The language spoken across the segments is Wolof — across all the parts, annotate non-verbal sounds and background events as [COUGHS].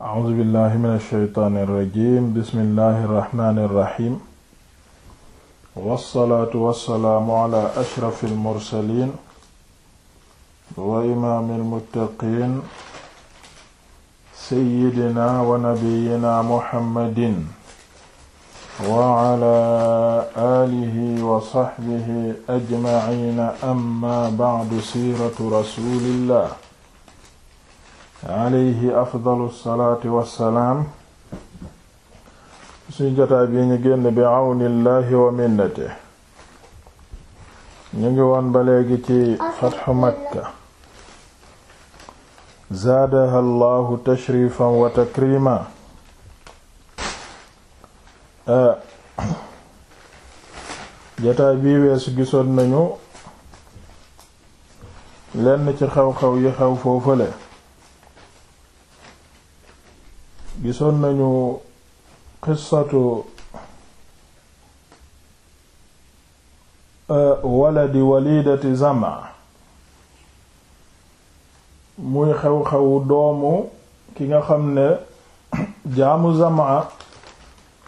a'uuzu billahi min alsheytaani irrajim bismillahi irrahmani irrahim wassalaatu wassalaamu ala ashrafi almursalin wa imaami almuttaqiin seyyidina wa nabiyina muhammadin wa ala aalihi wa saxbihi ajmaciina amma bacdu siiratu rasulillah alayhi afdalu salaati wassalaam suñu jotaay bi ñu génn bi àwnillaahi wa minnate ñu ngi woon ba léegi ci fatxu makka zaadaha llahu tashrifan wa takrima jotaay bii weesu gisoon nañu lenn ci xew-xew yi xew foofale gisoon nañu qissatu euh, waladi walidati Zama muy xew-xewu doomu ki nga xam ne [COUGHS] jaamu Zama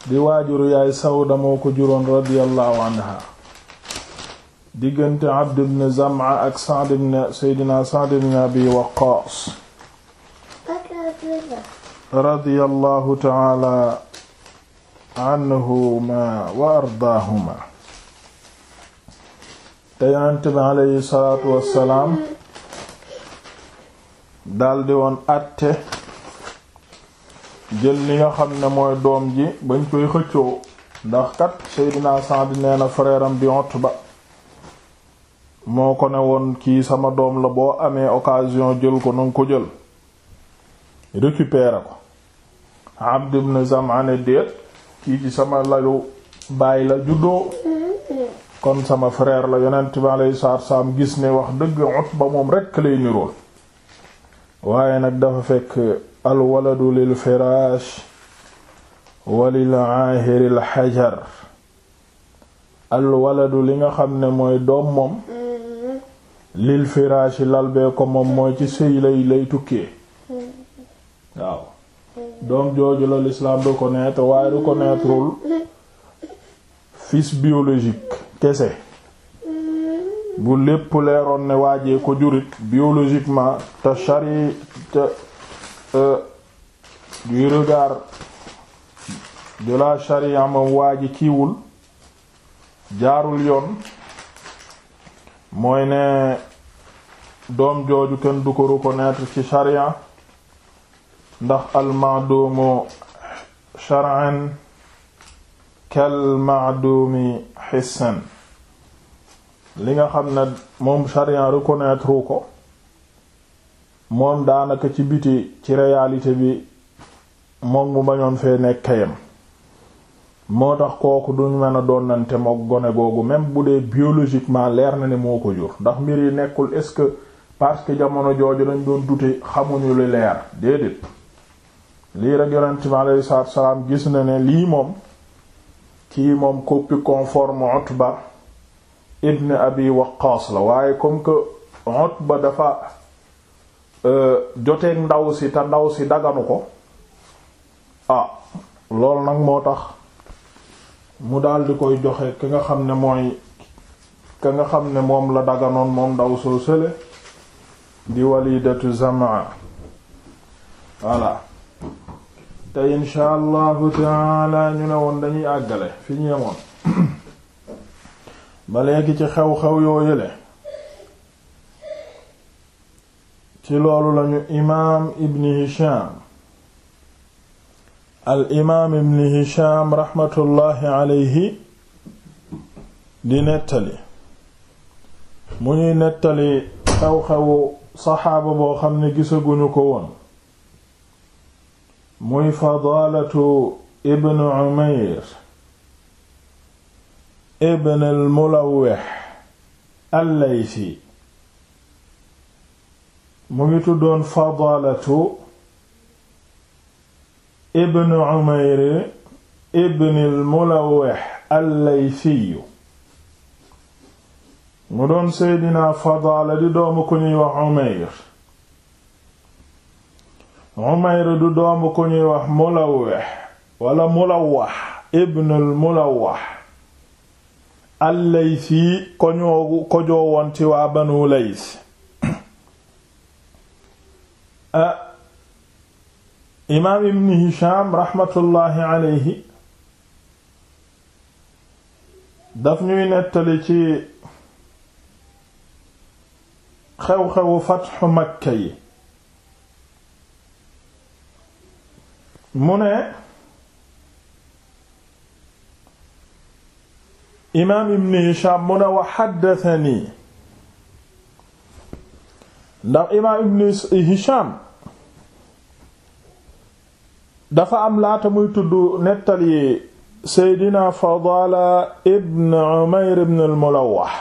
di waajuru yaay Sawda moo ko juróon radiyallahu anha diggante Abd ibn Zama ak Sa'd ibn Seydina Sa'd ibn Abi Waqqas radiyallahu ta'ala anhuma wa ardaahuma te yonent bi aleyhi salaatu wassalaam daldi woon àtte jël li nga xam ne mooy doom ji bañ koy xëccoo ndax kat Seydina Saad nee na frère am bi moo ko ne woon kii sama doom la boo amee occasion jël ko nanga ko jël récupérer ko Abd ibn Zam'an déet kii ci sama lalu baay la juddoo kon sama frère la yonent bi alayhi salaatu salaam gis ne wax dëgg moom rekk lay niroon waaye nag dafa fekk alwaladu lil firaash walil aahiril xajar alwaladu li nga xam ne mooy doom moom lil firaashi lal bee ko moom mooy ci sëy lay lay tukkee waaw doom jooju la l'islam reconnaître waaye reconnaîtreul fils biologique kese bu lépp leeroon ne waajee ko jurit biologiquement te chari te euh, du regard de la charia moom kiiwul jaarul yoon mooy ne doom jooju kenn du ko reconnaître ci charia ndax almaaduumu shar'an kalmaaduumi xissan li nga xam na moom sharia reconnaître ko moom daanaka ci biti ci réalité bi moom mu bañoon fee nekkayam moo tax kooku duñ mën doon doonante mook gone googu même bu dee biologiquement leer na ne moo ko jur ndax mbir yi nekkul est-ce que parce que jamono jooju dañ doon dute xamuñu lu leer déedéet lii rek yonent bi aleyhi salaatu salaam gis na ne lii moom kii moom copie conforme ba ibn Abi Waqqaas la waaye comme que Utba dafa euh, joteeg ndaw si te ndaw si daganu ko ah loolu nag moo tax mu daal di koy joxe ki nga xam ne mooy ka nga xam ne moom la daganoon moom ndaw soo sële di walidatu Zamaa voilà te insha allahu taala ñu ne woon dañuy àggale fi ñu yemoon ba léegi ci xew-xew yoo yële ci loolu lañu imaam ibn hisham al imaam ibn hisham raxmatullaahi aleyhi di nettali mu ñuy nettali xew-xewu saxaaba boo xam ne gisaguñu ko woon muy fadaalatu ibn umair ibn al mulawwex allaysi mu ngi tuddoon fadaalatu ibn umair ibn al mulawwex allaysiyu doon seydinaa fadaala di doomu ku ñuy wax umair Umayr du doomu ku ñuy wax Mulawih wala Mulawah ibnul Mulawah al-Laysi koñoogu kojoo woon ci waa Banu Lays [COUGHS] ah, imaam ibn Hisham raxmatullaahi alayhi daf ñuy nettali ci xew-xewu fatxu Makka yi mu ne imaam ibn Hisham mu ne wa xaddatani ndax imaam ibn Hisham dafa am laata muy tudd nettali seydina Fadala ibn Umayr ibn al-Mulawwax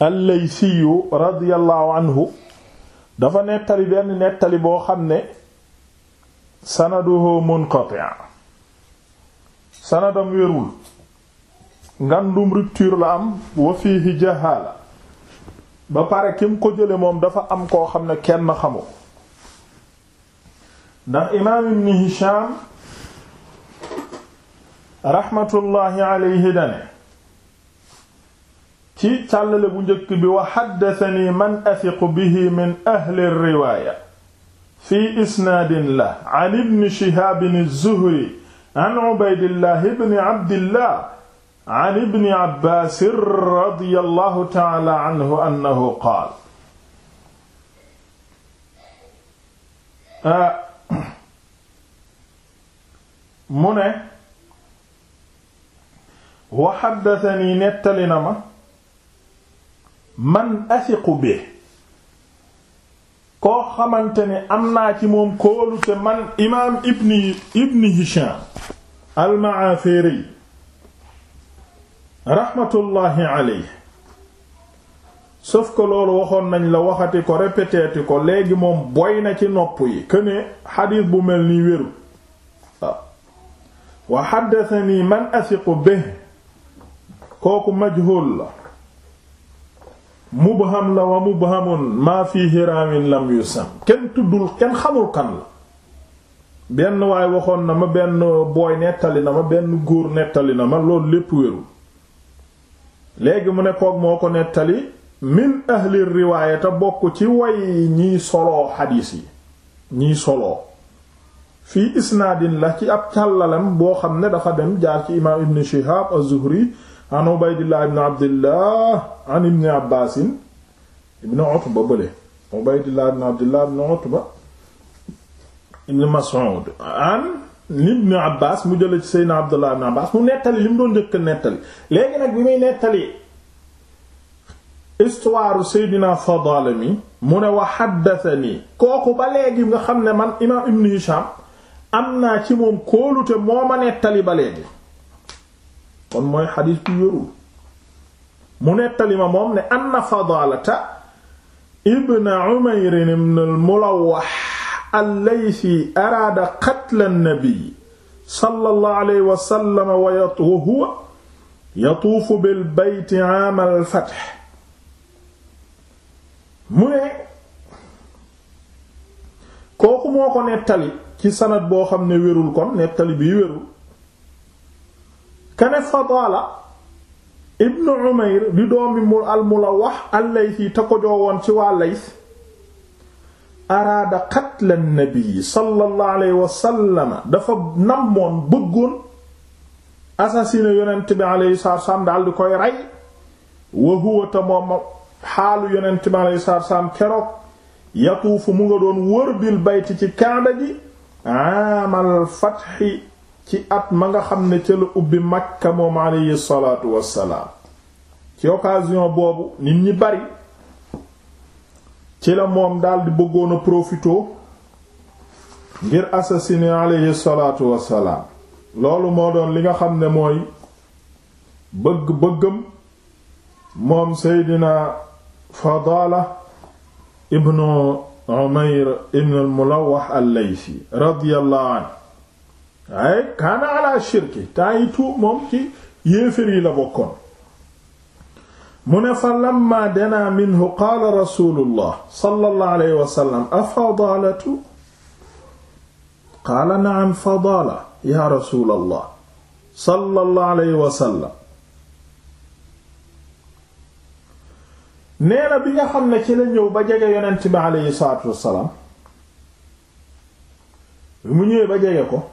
al-Laysiyu radiyallahu anhu dafa nettali benn nettali boo xam ne sanaduhu munqati' sanadam wérul ngandum rupture la am wa fiihi jahaala ba pare kim ko jële moom dafa am koo xam ne kenn xamu ndax imaam ibn Hisham raxmatullaahi dane ci càllale bu njëkk bi wa xaddatani man athiqu bi min ahli riwaaya fi isnaadin la an ibni shihaabin az-zuhri an ubaydillah ibni abdillah an ibni abbaas radiyallahu ta'ala anhu annahu qaala ah, [CLEARS THROAT] mu ne wa haddathanii nettali na ma man athiqu bihi koo xamante ni am naa ci moom kóolute man imaam ibni ibni Hisham al-Ma'afiri rahmatullahi alayhi sauf loolu waxoon nañ la waxati ko répététi ko léegi moom boy na ci nopp yi que ne xadiis bu mel ni wéru waaw ah. wa haddathani man athiqu bihi kooku majhul la mubham la wa mubhamun maa fii hiramin lam yusam kenn tuddul kenn xamul kan la benn waay waxoon na ma benn booy nettali na ma benn góor nettali na ma loolu lépp wérul léegi mu ne koog moo ko nettali min ahli riwaaya te bokk ci yi ñiy soloo xadiis yi ñiy soloo fii isnaadin la ci ab càllalam boo xam ne dafa dem jaar ci imaam ibn Shihab az an Ubaydillah ibn Abdillah an ibn Abbaas ibn Utba bële Ubaydillah ibn Abdillah ibn Utba ibn Mas'ud an ibn Abbaas mu jële ci Seydina Abdullah ibn Abbaas mu nettali li mu doon njëkk nettali léegi nag bi muy nettali histoire Seydina Fadala mu ne wa kooku ba léegi nga xam ne man imaam Ibn Hisham am naa ci moom kóolute moo ma nettali ba léegi kon mooy xadiis bu yorul mu nettali ma moom ne an fadaalata ibn umayr ibn al mulawwax allaysi araada qatla nabi sallallahu alayhi wa wa huwa yatuufu bil bayti aam al mu ne kooku moo ko nettali ci sanad boo xam ne wérul kon nettali bi wérul kane Fadala ibn Umayr di doomi mu al Mulawwax al te ko joowoon ci waa Layth araada qatla nabi sallallahu alayhi wa sallam di koy rey wa huwa te moom xaalu yonent bi alayhi salaam keroog yatuufu mu nga doon wër bil bayt ci kaaba gi aamal fatxi ci at ma nga xam ne ca ubbi Makka moom alayhi salaatu wassalaam ci occasion boobu nit ñi bari ci la moom daldi bëggoon a profitoo ngir assassiner alayhi salaatu wassalaam loolu moo doon li nga xam ne mooy bëgg-bëggam moom Seydina Fadala ibnu Umayr ibnu al-Mulawwax al-Laysi radiyallahu anhu ay kaana ala shirki temps moom ci yéefér la bokkoon mu ne fa lamma dana minhu qaala rasulullah sallallahu alayhi wa sallam a fadaalatu ya rasulallah sallallahu alayhi wa sallam nee bi nga xam ne ki la ñëw ba jege yonent bi aleyhi salaatu wassalaam mu ñëwee ba jege ko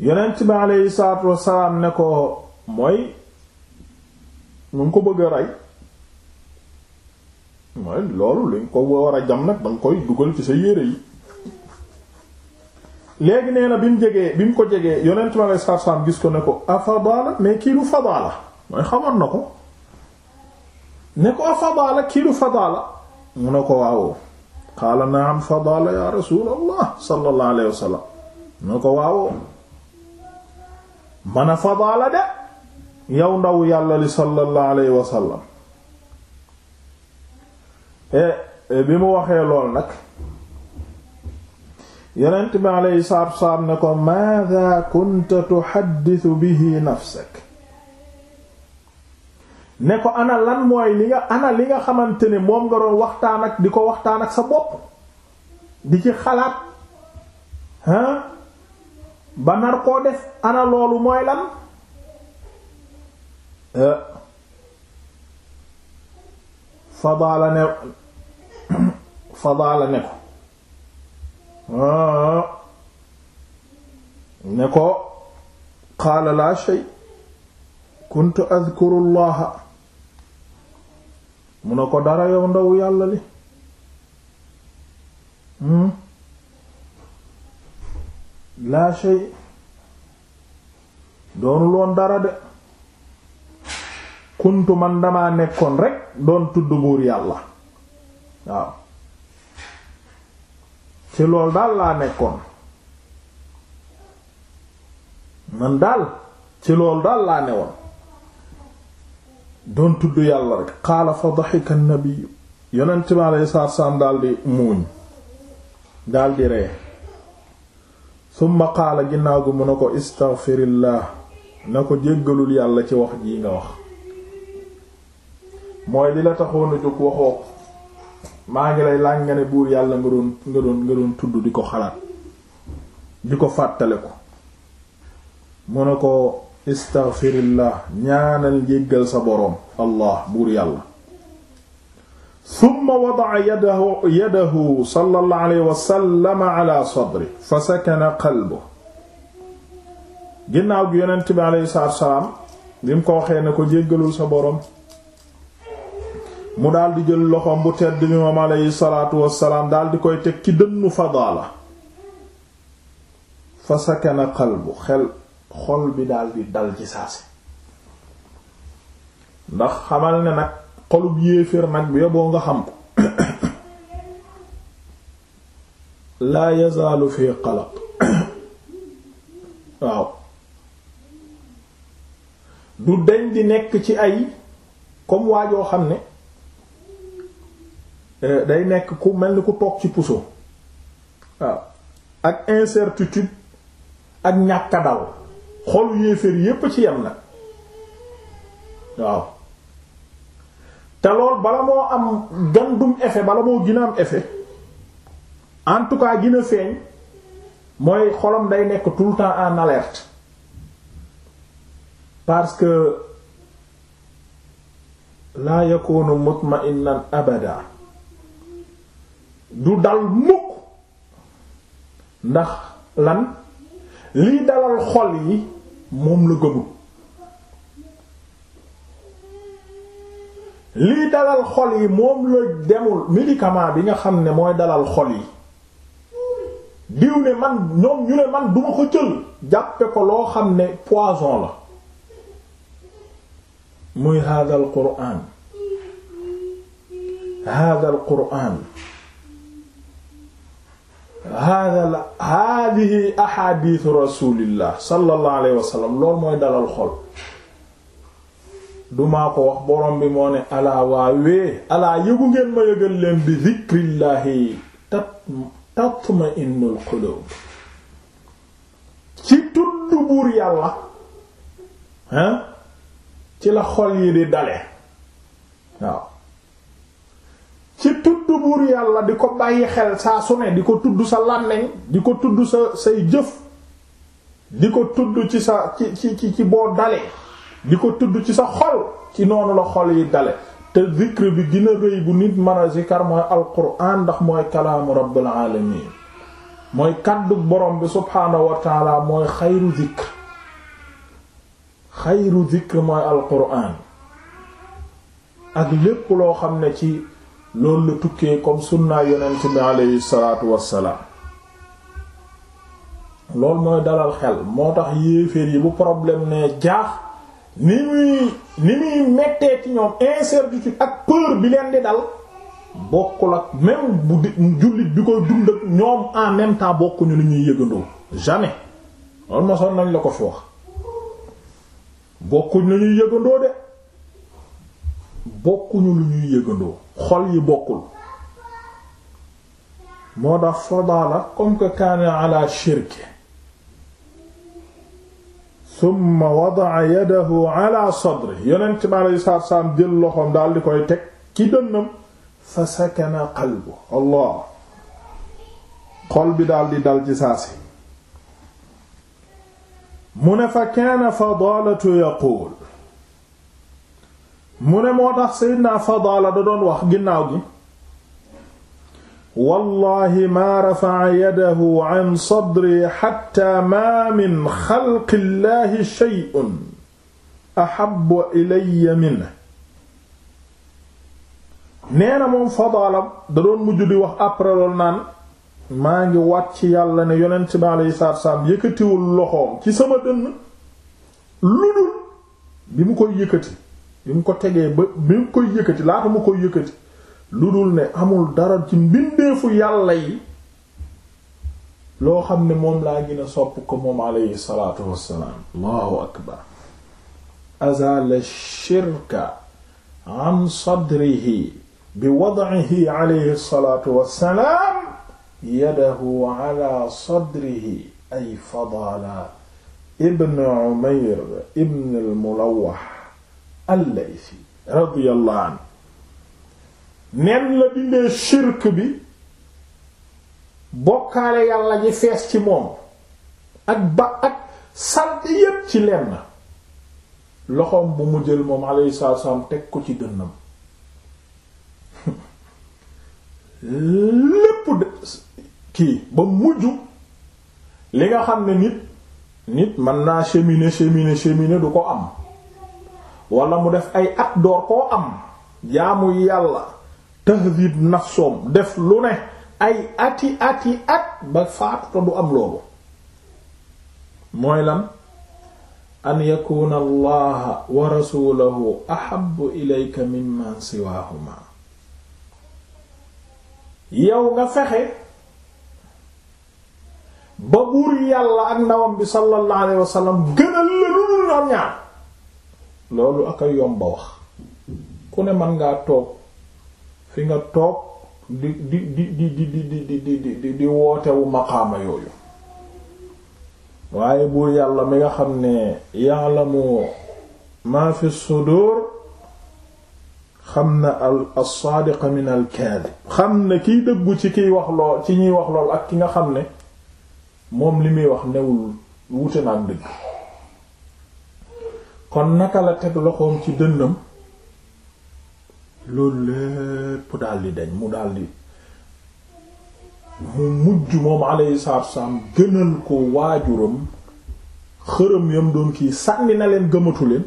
yonent bi aleyhi salaatu wasalaam ne ko mooy mu ko bëgg a rey mooy loolu luñ ko war a jam nag danga koy dugal ci sa yére yi léegi nee na bi mu jegee bi mu ko jegee yonent bi aleyhi salaatu wasalaam gis ko ne ko afadaala mais kii du fadaala mooy xamoon na ko ne ko afadaala kii du fadaala mu ne ko waawoo qaala naam fadaala ya rasuulallah sallallahu alayhi wasallam mu ne ko waawoo man a fadaala de yow ndaw yàlla li sallallahu alayhi wa eh, eh, bi mu waxee lool nag yonent bi alayhi salaatu wasalaam ne ko maada kunta tuxaddisu bihi nafsak ne ko ana lan mooy li nga ana li nga xamante ne moom nga doon waxtaan ak di ko waxtaan ak sa bopp di ci xalaat ah ba nar koo def ana loolu mooy lan eh, fadaala ne [COUGHS] fadaala ne ko ah, ne ko qaala laa shay kuntu adkuru llaha mu ne ko dara yow ndaw yàlla li hmm? laa shay doonul woon dara de kuntu man damaa nekkoon rek doon tudd buur yàlla waaw ci loolu daal laa nekkoon man daal ci loolu daal laa ne woon doon tudd yàlla rek xaala fa daxika nabi yonent bi alayhi salaatu salaam daal di muuñ daal di ree summa qaala ginnaaw gu mu ne ko istaghfirillah na ko jéggalul yàlla ci wax ji nga wax mooy li la taxoon a jóg waxoo maa ngi lay laaj nga ne buur yàlla nga doon nga doon nga doon tudd di ko xalaat di ko fàttale ko mu ne ko istaghfirillah ñaanal jéggal sa boroom allah buur yàlla summa wada'a yadahu yadahu sallallahu alayhi wa sallam fa sakana qalbu ginnaaw gi yonent bi alayhi salaatu salaam bi mu ko waxee ne ko jéggalul sa borom mu daal di jël loxoom bu tedd bi moom alayhi salaatu wassalaam daal di koy teg ci dënnu fadaala fa sakana qalbu xel xol bi daal di dal ci saasi ndax xamal ne nag xolub yéeféer nag bi yoboo nga xam ko [COUGHS] laa yazaalu fi qalaq [COUGHS] waaw du deñ di nekk ci ay comme waajoo xam ne euh, day nekk ku mel ni ku toog ci puso waaw ak incertitude ak ñàkk dal xolu yéeféer yépp ci yem nag waaw te lool bala moo am gandum effet bala moo gën a am effet en tout cas gën a feeñ mooy xolam day nekk tout le temps en alerte parce que laa yakunu mutma'innan abada du dal mukk ndax lan lii dalal xol yi moom la gëmul lii dalal xol yi moom la demul médicament bi nga xam ne mooy dalal xol yi diw ne man ñoom ñu ne man duma ko jël jàppe ko loo xam ne poison la muy hadal quraan hadal quraan hadal hadihi ahadiisu rasulillah sallallahu alayhi wa sallam loolu mooy dalal xol du maa ko wax borom bi moo ne alaa waawee alaa yëgu ngeen ma yëgal leen bi zikrillahi tat tatma'innul qulub ci tudd buur yàlla hein ci la xol yi di dale waaw ci tudd buur yàlla di ko bàyyi xel saa su ne di ko tudd sa làmmiñ di ko tudd sa say jëf di ko tudd ci sa ci ci ci boo dale di ko tudd ci sa xol ci noonu la xol yi dale te zikr bi gën a bu nit mën a zikar mooy alquran ndax mooy kalaamu rabbil alamin mooy kàddu borom bi subhaanahu wa mooy xayru zikr xayru zikr mooy alquran ak lépp loo xam ne ci loolu la tukkee comme sunnaa yonent bi aleyhi wassalaam loolu mooy dalal xel moo tax yéeféer yi bu problème ne jaax ni muy ni muy mettee ci ñoom incertitude ak peur bi leen di dal bokkul ak même bu jullit bi koy dund ak ñoom en même temps bokkuñu li ñuy yëgandoo jamais loolu mosoon nañ la ko fi wax bokkuñ lu ñuy yëgandoo de bokkuñu lu ñuy yëgandoo xol yi bokkul moo tax Fadala comme que kaana ala shirki summa wadaa yadahu ala sadri yonent bi aleyhi salaatu wa salaam jël loxoom daal di koy teg ci dënnam fa sakana qalbu allah xol bi daal di dal ci saasi mu ne fa kaana fadaalatu yaquul mu ne moo tax sayyidina fadaala da doon wax ginnaaw gi wallahi maa rafa'a yadahu an sadri hatta ma min xalqi llahi shay'un ahabbu ilayya minhu nee na moom Fadaala da doon mujj di wax après loolu naan maa ngi waat ci yàlla ne yonent bi alayhi salaatu salaam yëkkatiwul loxoom ci sama dënn lu dul bi mu koy yëkkati bi mu ko tegee ba bi mu koy mu koy yëkkati lu dul ne amul dara ci mbindeefu yàlla yi loo xam ne moom laa gën a sopp ko moom alayhi salaatu wassalaam allahu akbar azala shirka an sadrihi bi wad'ihi alayhi salaatu wassalaam yadahu ala sadrihi ay fadala ibn umayr ibn al mulawwax al laythi radiyallahu anhu nen la dindee shirk bi bokkaale yàlla ji fees ci moom ak ba ak salte yépp ci lenn loxoom bu mu jël moom alayhi salaatu salaam teg ko ci dënnam [LAUGHS] lépp de kii ba mujj li nga xam ne nit nit man naa cheminer cheminer cheminer du ko am wala mu def ay at door koo am jaamu yàlla tahdib nafsoom def lu ne ay ati ati at ba faatu du am loolu mooy lan an yakuna allaha wa rasulahu ahabbu ilayka mimman siwahuma yow nga fexe ba buur yàlla ak ndawam bi sallallahu alayhi gënal la lu ñoom ñaar loolu ak a yomba wax ku ne mën ngaa toog fi nga toog di di di di di di di di di di wootewu maqaama yooyu waaye buur yàlla mi nga xam ne ya'lamu ma fi sudur xam na al as-saadiq min al kaadib xam ne kiy dëggu ci kiy wax lool ci ñuy wax lool ak ki nga xam ne moom li muy wax newul wuute na ak dëgg kon naka la teg loxoom ci dënnam loolu lépp daal di dañ mu daal di mu mujj moom alayhi salaatu wassalaam gënal ko waajuram xërëm yam doon kii sànni na leen gëmatu leen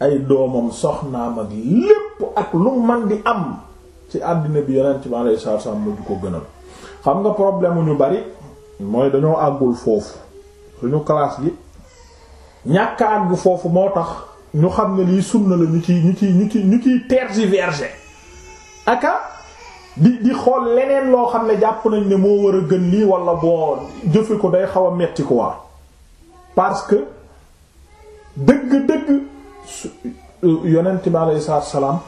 ay doomam soxnaam mag lépp ak lu man di am ci àddina bi yonent ci alayhi salaatu wassalaam mujj ko gënal xam nga problème ñu bari mooy dañoo àggul foofu suñu classe gi ñàkk àgg foofu moo tax ñu xam ne lii sunna la ñu ci ñu ciy ñu ciy ñu ciy tergiverser aka di di xool leneen loo xam ne jàpp nañ ne moo war a gën lii wala boo jëfe ko day xaw a metti quoi parce que dëgg-dëgg yonent bi aleyhi salaatu salaam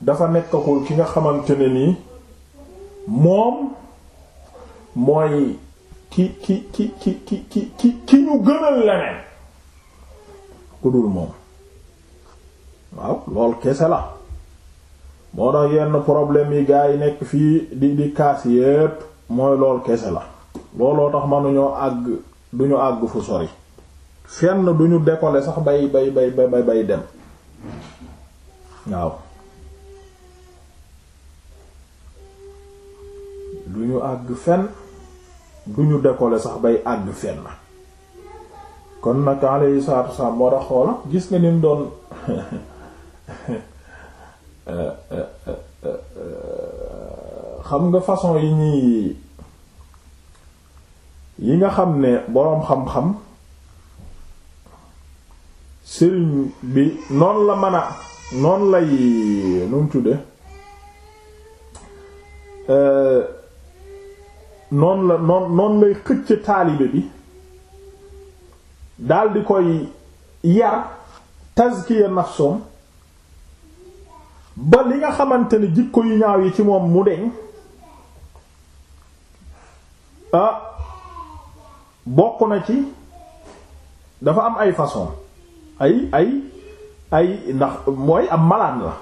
dafa nekkakul ki nga xamante ne nii moom mooy ki ki ki ki ki ki ki ñu gënal leneen ku moom waaw lool kese la moo tax yenn problème yi gaa yi nekk fii di di kaas yépp mooy lool kese la looloo tax mënuñoo àgg duñu àgg fu sori fenn duñu décoller sax bay bay bay bay dem waaw duñu àgg fenn duñu dekole sax bay àgg fenn kon nag yi salaatu wassalaam moo tax xoola gis nga ni mu doon xam nga façon yi ñuy yi nga xam ne boroom xam-xam sëriñ bi noonu la mën a noon lay nu tudde euh, noonu la noon lay xëcc taalibe bi daal di koy yar tazkiya nafsom ba li nga xamante ne jikko yu ñaaw yi ci moom mu deñ ah bokk na ci dafa am ay façon ay ay ay ndax mooy am malade la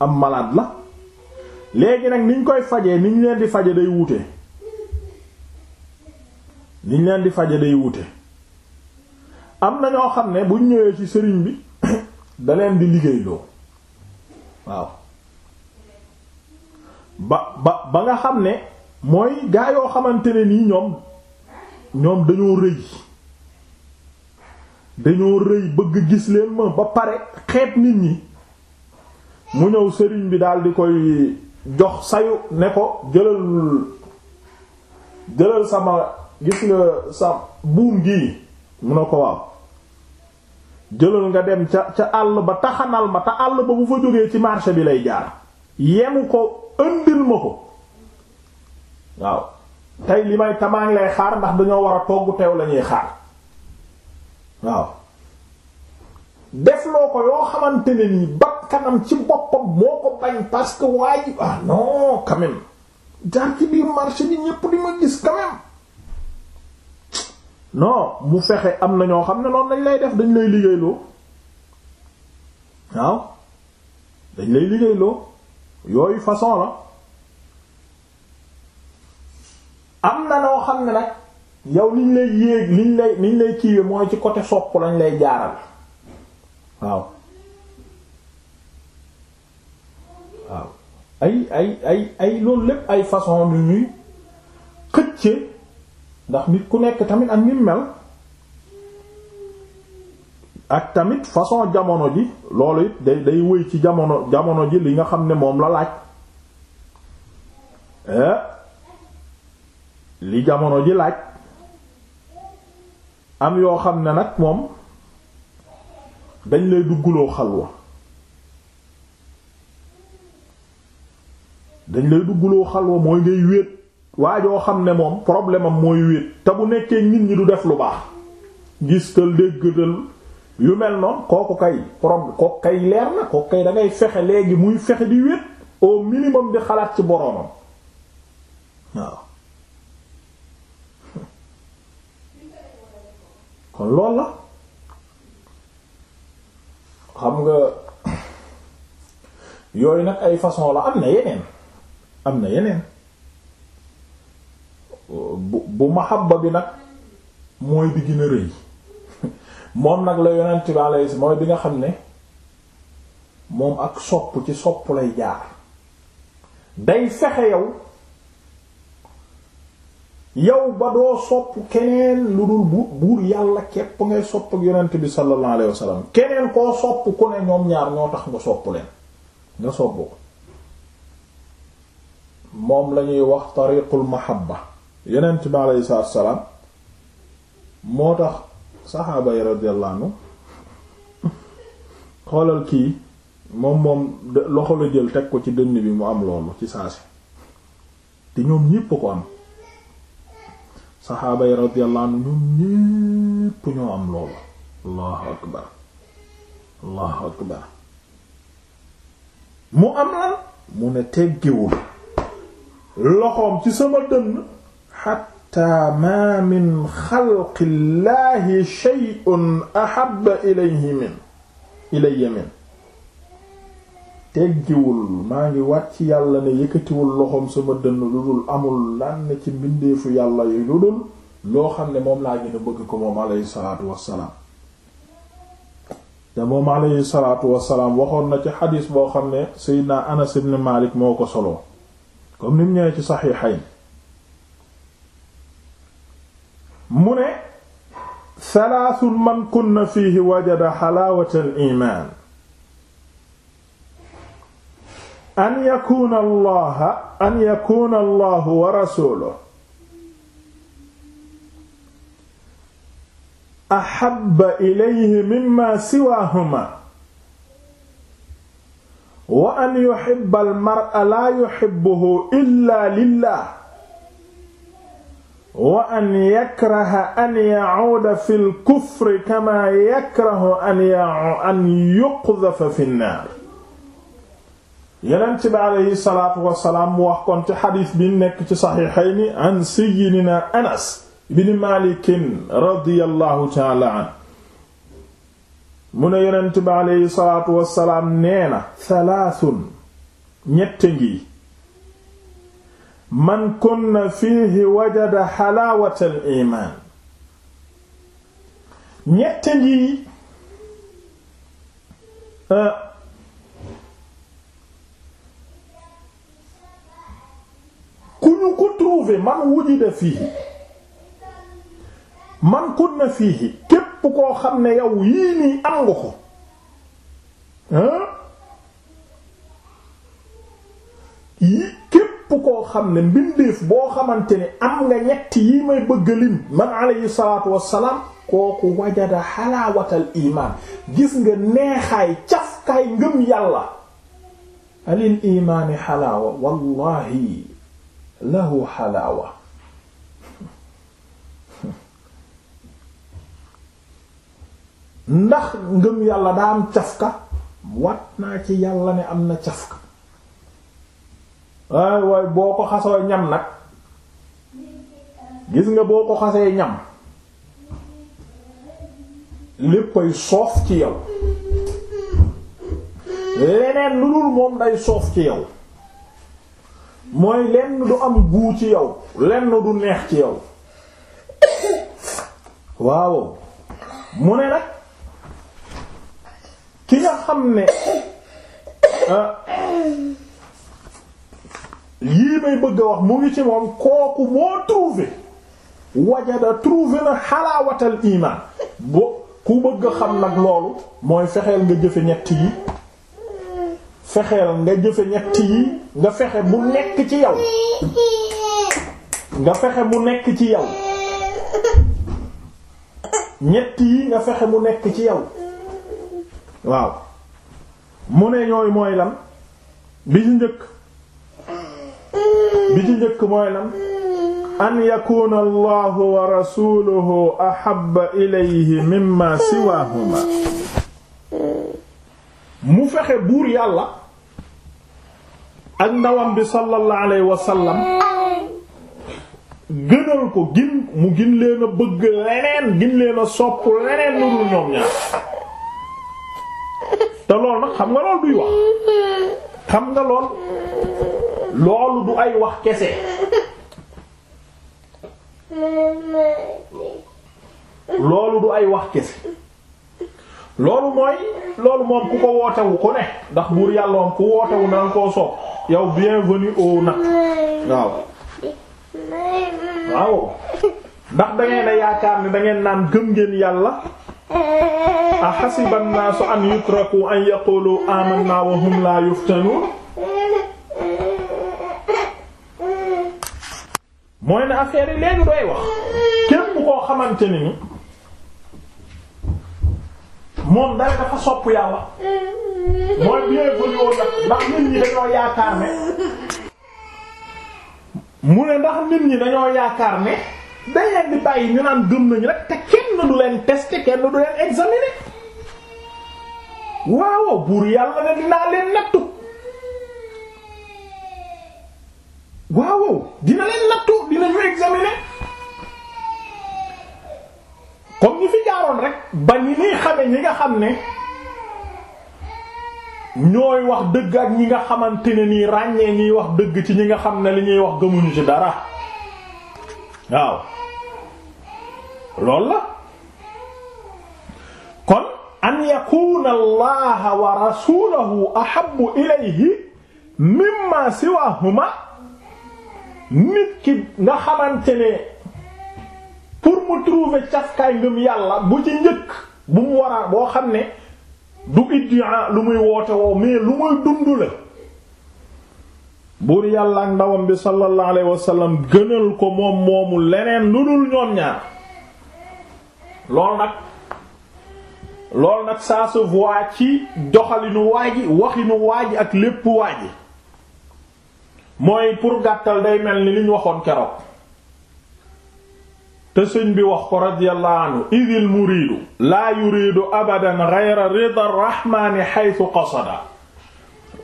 am malade la léegi nag niñ koy fajee niñ leen di faje day wuute niñ leen di faje day wuute am na ñoo xam ne buñ ñëwee ci sëriñ bi [COUGHS] da leen di liggéeyloo waaw ba ba ba nga xam ne mooy gaa yoo xamante ne nii ñoom ñoom dañoo rëy dañoo rëy bëgg gis leen ma ba pare xeet nit ñi mu ñëw sëriñ bi daal di koy jox sayu ne ko jëlal jëlal sama gis nga sa buum gii mu ne ko waaw jëlal nga dem ca ca àll ba taxanal ma te àll ba bu fa jógee ci marché bi lay jaar yemu ko ëndil ma ko waaw tey li may tamaa lay xaar ndax dañoo war a togg teew lañuy xaar waaw def loo ko yoo xamante ne nii ba kanam ci boppam moo ko bañ parce waaye ah non jaar ci biir marché bi ñépp di ma gis quand non bu fexe am na ñoo xam ne noonu lañ lay def dañ lay liggéeyloo waaw dañ lay liggéeyloo yooyu façon la am na loo xam ne nag yow liñ lay yéeg liñ lay liñ lay kiiwe mooy ci côté sopp lañ lay jaaral waaw waaw ay ay ay ay loolu lépp ay façon lu ñuy xëcce ndax nit ku nekk tamit ak nim mel ak tamit façon jamono ji loolu it day day wëy ci jamono jamono ji li nga xam ne moom la laaj eh? li jamono ji laaj am yoo xam ne nag moom dañ lay dugguloo xalwa dañ lay dugguloo xalwa mooy ngay wéet waa joo xam ne moom problème am mooy wéet te bu nekkee nit ñi du def lu baax gis tal déggatal yu mel noonu kooku kay problème kooku kay leer na kooku kay da fexe léegi muy fexe di wéet au minimum di xalaat ci boroomam waaw kon lool la xam nga yooyu nag ay façon la am na yeneen am na yeneen bu bu mahabba bi nag mooy bi gën a rëy [LAUGHS] moom nag la yonent bi alayhi mooy bi nga xam ne moom ak sopp ci sopp lay jaar day fexe yow yow ba doo sopp keneen lu dul bu buur yàlla képp ngay sopp ak yonent bi sallallahu alayhi keneen koo sopp ku ne ñoom ñaar ñoo tax nga sopp leen nga sopp ko moom lañuy wax tariqul mahabba yonent bi aleyhi salaatu salaam moo tax saxaaba yi radiyallahu anhu xoolal kii moom moom loxo la jël teg ko ci dënn bi mu am loolu ci saasi te ñoom ñépp ko am saxaaba yi radiyallahu anhu ñoom ñépp ñoo am loolu allahu akbar allahu akbar mu am lan mu ne teggiwul loxoom ci sama dënn xatta ma min xalqillaahi shay'un ahabba ilayhi min ilayya min teggiwul maa ngi wat ci yàlla ne yëkkatiwul loxoom sama dënn lu dul amul lan ci mbindeefu yàlla yu lu dul loo xam ne moom laa gën a bëgg ko moom alayhi salaatu wassalaam te moom alayhi salaatu wassalaam waxoon na ci xadiis boo xam ne seydina anas ibn malik moo ko solo comme ni mu ñëwee ci saxiixayn mu ne salaasun man kunna fiihi wajada xalaawata al imaan an yakuna allah an yakuna allahu wa rasuluhu axabba ilayhi mimma siwaahuma wa an yuxibba almara laa yuxibbuhu illa lillah wa an yakraha an ya'uuda fil kufri kamaa yakrahu an ya'u an yuqdhafa fin naar Yonent bi aleyhi salaatu wa salaam wax kon ci xadiis bi nekk ci Saxiixayni an sayyidinaa Anas ibn Maalik radiyallaahu ta'aalaa anhu mu ne Yonent bi aleyhi salaatu wa salaam nee na salaasun ñett ngi man kunna fiihi wajada xalaawatal imaan ñett ngi euh, ku ñu ko trouvé man wujida fiihi man kunna fiihi képp koo xam ne yow yii ko hein koo xam ne mbindeef boo xamante ni am nga ñetti yi may bëgg lim man alayhi salaatu wassalaam kooku wajada xalaawatal imaan gis nga neexaay cafkaay ngëm yàlla alil imaani xalaawa wallahi lahu xalaawa ndax ngëm yàlla daa am cafka wat naa ci yàlla ne am na cafka waay waay boo ko xasoo ñam nag gis nga boo ko xasee ñam léppay soof ci yow leneen lu dul moom day soof ci yow mooy lenn du am guu ci yow lenn du neex ci yow waaw mu ne nag ki nga xam ne ah, yii may bëgg a wax mu ngi ci moom kooku moo trouvé wajada trouvé na xalaawatal iman bo ku bëgg xam nag loolu mooy fexeel nga jëfe ñett yi fexeel nga jëfe ñett yi nga fexe mu nekk ci yow nga fexe mu nekk ci yow ñett yi nga fexe mu nekk ci yaw waaw mu ne ñooy mooy lan bi ñu njëkk bi ci njëkk mooy lan an yakuna allahu wa rasuluhu ahabba ilayhi mimma siwahuma mu fexe buur yàlla ak ndawam bi sallallahu alayhi wa sallam gënal ko gin mu gin leen a bëgg leneen gin leen sopp leneen lu dul ñoom ñaar te lool nag xam nga lool duy wax xam nga lool loolu du ay wax kese loolu du ay wax kese loolu mooy loolu moom ku ko wootewu ku ne ndax buur yàlla moom ku wootewu na nga koo soob yow bienvenue au nag waaw waaw ndax da ngeen yaakaar ni da ngeen naan gëm ngeen yàlla a xasiba an-naasu an yutraku an yaqulu amanna wa hum la yuftanun mooy ne affaire yi léegi doy wax képp koo xamante ne ni moom dara dafa sopp yàlla mooy bienvenu woon nag ndax nit ñi dañoo yaakaar ne mu ne ndax nit ñi dañoo yaakaar ne dañ leen bàyyi ñu naan gëm nañu rek te kenn du leen tester kenn du leen examiner waaw buur yàlla ne dinaa leen nattu waaw dina leen nattu ko dinañu examiner comme ñi fi jaaroon rek ba ñi ni xame ñi nga xam ne ñooy wax dëgg ak ñi nga xamante ne nii ràññee ñiy wax dëgg ci ñi nga xam ne li ñuy wax gëmuñu ci dara waaw loolu la kon an yakuna allaha wa rasuluhu ahabbu ilayhi mimma siwahuma nit ki nga xamante ne pour mu trouver cafkaay ngëm yàlla bu ci njëkk bu mu war boo xam ne du iddia lu muy woote woo mais lu muy dund la buur yàlla ak ndawam bi sallallahu alayhi gënal ko moom moomu leneen lu dul ñoom ñaar lool nag lool nag ça se voit ci doxalinu waa ji waxinu waa ji ak lépp waa ji mooy pour gàttal day mel ni liñ waxoon keroog te sëñ bi wax ko radiyallahu anhu idil muriidu laa yuriidu abadan ghayra rida rahmaani haythu qasada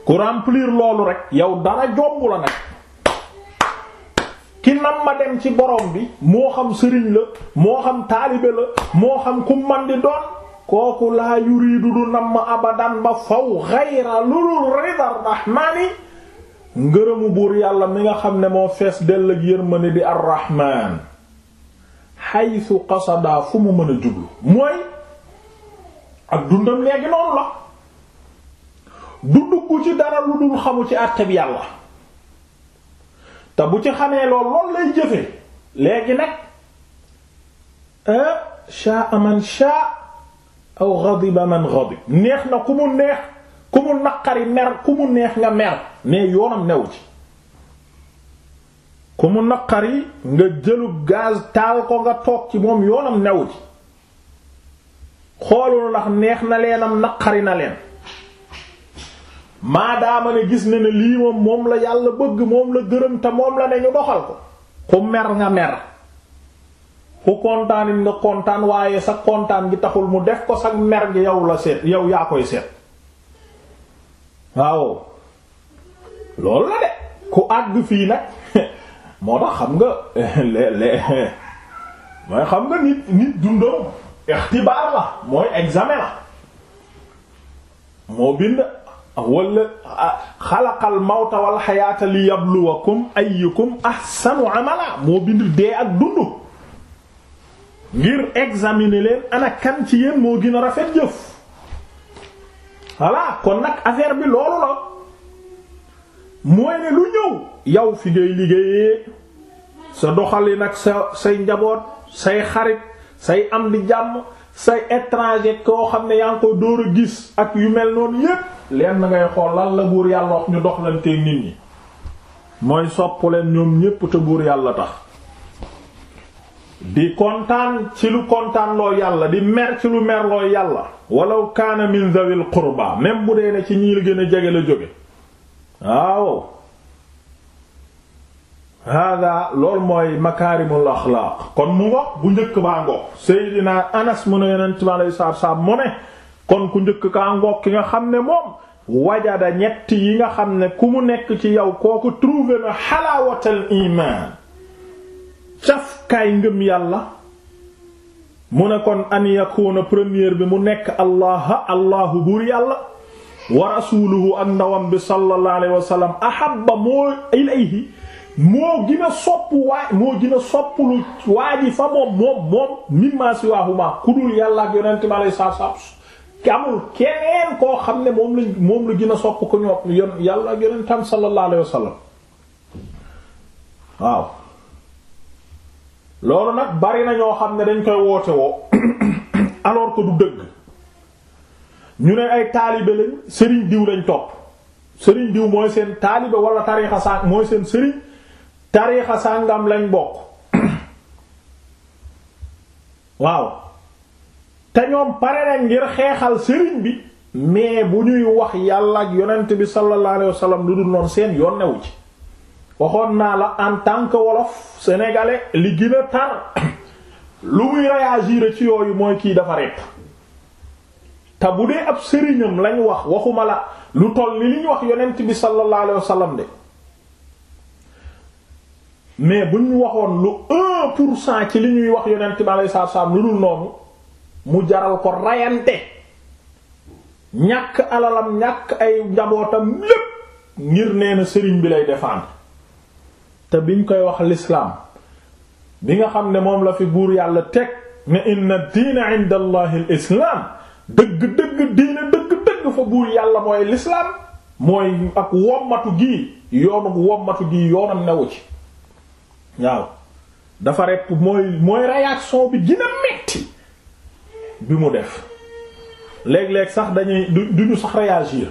ku remplir loolu rek yow dara jomb la nag ki nam ma dem ci borom bi moo xam sëriñ la moo xam taalibe la moo xam ku doon kooku laa yuriidu du nam abadan ba faw ghayra lulul rida rahmaani ngërëmu buur yàlla mi nga xam ne moo fees dell ak yërmande di arrahmaan xaytu qasadaa fu mu mën a jublu mooy ak dundam léegi noonu la du dugg ci dara lu dul xamu ci àtte yàlla te bu ci xamee lool lool lay jëfe léegi nag ah, shaa man shaa aw ghadiba man ghadib neex na ku mu neex ku mu naqari mer ku mu neex nga mer mais yoonam newu ci ku mu naqari nga jëlub gaz taal ko nga toog ci moom yoonam new ci xoolul ndax neex na leenam naqari na leen maadaama ne gis na ne lii moom moom la yàlla bëgg moom la gërëm te moom la ne ñu doxal ko ku mer nga mer ku kontaanit nga kontaan waaye sa kontaan gi taxul mu def ko sa mer gi yow la seet yow yaa koy seet waaw loolu la de ku àgg fii nag [LAUGHS] moo na xam nga [LAUGHS] le [LAUGHS] mooy xam nga nit nit dundam ixtibaar la mooy examen la moo bind wala xalaqal mawta wal xayaata li yabluwakum ayyukum ahsanu amala moo bind dee ak dund ngir examiner leen ana kan ci moo gën a rafet jëf voilà kon nag affaire bi loolu la mooy ne lu ñëw yow fi ngay liggéeyee sa doxali nag sa say njaboot say xarit say am di jàmm say étranger koo xam ne yaa ngi ko dóor a gis ak yu mel noonu yépp leen na ngay xool lan la buur yàlla wax ñu doxlanteeg nit ñi mooy sopp ñoom ñépp te buur yàlla tax di kontaan ci lu kontaan loo yàlla di mer ci lu mer yàlla walaw kaana min zawil qurba même bu dee ne ci ñii la gën a jege la jóge waaw hada loolu mooy makaarimul axlaaq kon mu ngo bu njëkk baa ngoog Seydina Anas mu ne yonent bi kon ku njëkk kaa ngoog ki nga xam ne moom wajada ñett yi nga xam ne ku mu nekk ci yow kooku trouvé na xalaawatal cafkaay ngëm yàlla mu ne kon an yakuuna première bi mu nekk allah allahu buur yàlla wa rasuluhu ak ndawam bi sallallahu alayhi wa sallam ahabba moo ilayhi moo gën a sopp moo gën a lu waa ji fa moom moom moom mimma si waahuma ku dul yàlla ak yonente bi alayhi salaatu keneen koo xam ne moom la moom la gën a ko ñoo yon yàlla ak yonentam sallallahu waaw loolu nag bari na ñoo xam ne dañ koy woote woo [COUGHS] alors que du dëgg ñu ne ay taalibe lañ sëriñ diw lañ topp sëriñ diw mooy seen taalibe wala tariixa sàng mooy seen sëriñ tariixa sàngam lañ bokk [COUGHS] waaw te ñoom pare nañ ngir xeexal sëriñ bi mais bu ñuy wax yàlla ak yonent bi sallallahu alayhi wasallam lu dul noonu seen yoon newu ci waxoon naa la en tant que wolof sénégalais li gën a tar [COUGHS] lu muy réagir ci yooyu mooy kii dafa repp te bu dee ab sëriñam lañu wax waxuma la lu toll ni li ñu wax yonent bi sallallahu alayhi wasallam mais bu ñu waxoon lu un pour ñuy wax yonent bi alayhi salaam lu dul noonu mu jaral ko rayante ñàkk alalam ñàkk ay njabootam lépp ngir nee na sëriñ bi lay défendre te biñ koy wax lislaam bi nga xam ne moom la fi buur yàlla teg ne inna diina inda allahi al dëgg-dëgg diina dëgg-dëgg fa buur yàlla mooy lislaam mooy ak wommatu gi yoonu gi yoonam newu ci waaw dafa rep mooy mooy réaction bi dina metti bi mu def léeg-léeg sax dañuy duñu sax yi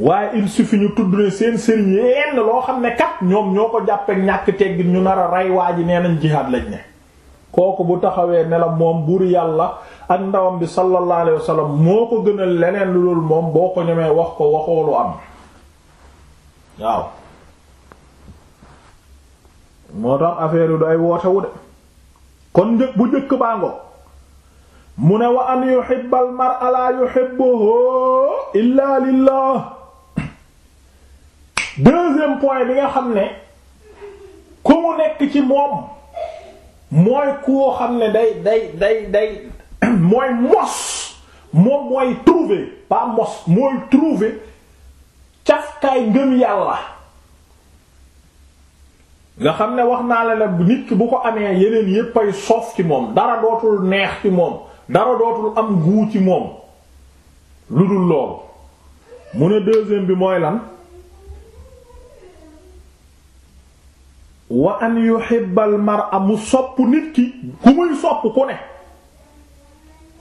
waaye il suffit ñu tudd ne seen sëriñ yenn loo xam ne kat ñoom ñoo ko jàppee ñàkk teggit ñu nar a rey waa ji nee nañ jihaad lañ ne kooku bu taxawee ne moom buur yàlla ak ndawam bi sallallahu alayhi wasallam moo ko leneen lu dul wax ko waxoolu am waaw moo yu day wootewu de kon njëkk bu njëkk baango mu ne wa an yuhibbal mar'a lillah deuxième point bi nga xam ne ku mu nekk ci moom mooy koo xam ne day day day day [CLEARS THROAT] mooy mos moom mooy trouver pas mos mooy trouver cafkaay ngëm yàlla nga xam ne wax naa la ne nit ki bu ko amee yeneen yépp ay soof ci moom dara dootul neex ci moom dara dootul am guu ci moom lu dul loolu mu ne deuxième bi mooy lan wa an yuhibba al mar'a mu sopp nit ki ku muy sopp ku ne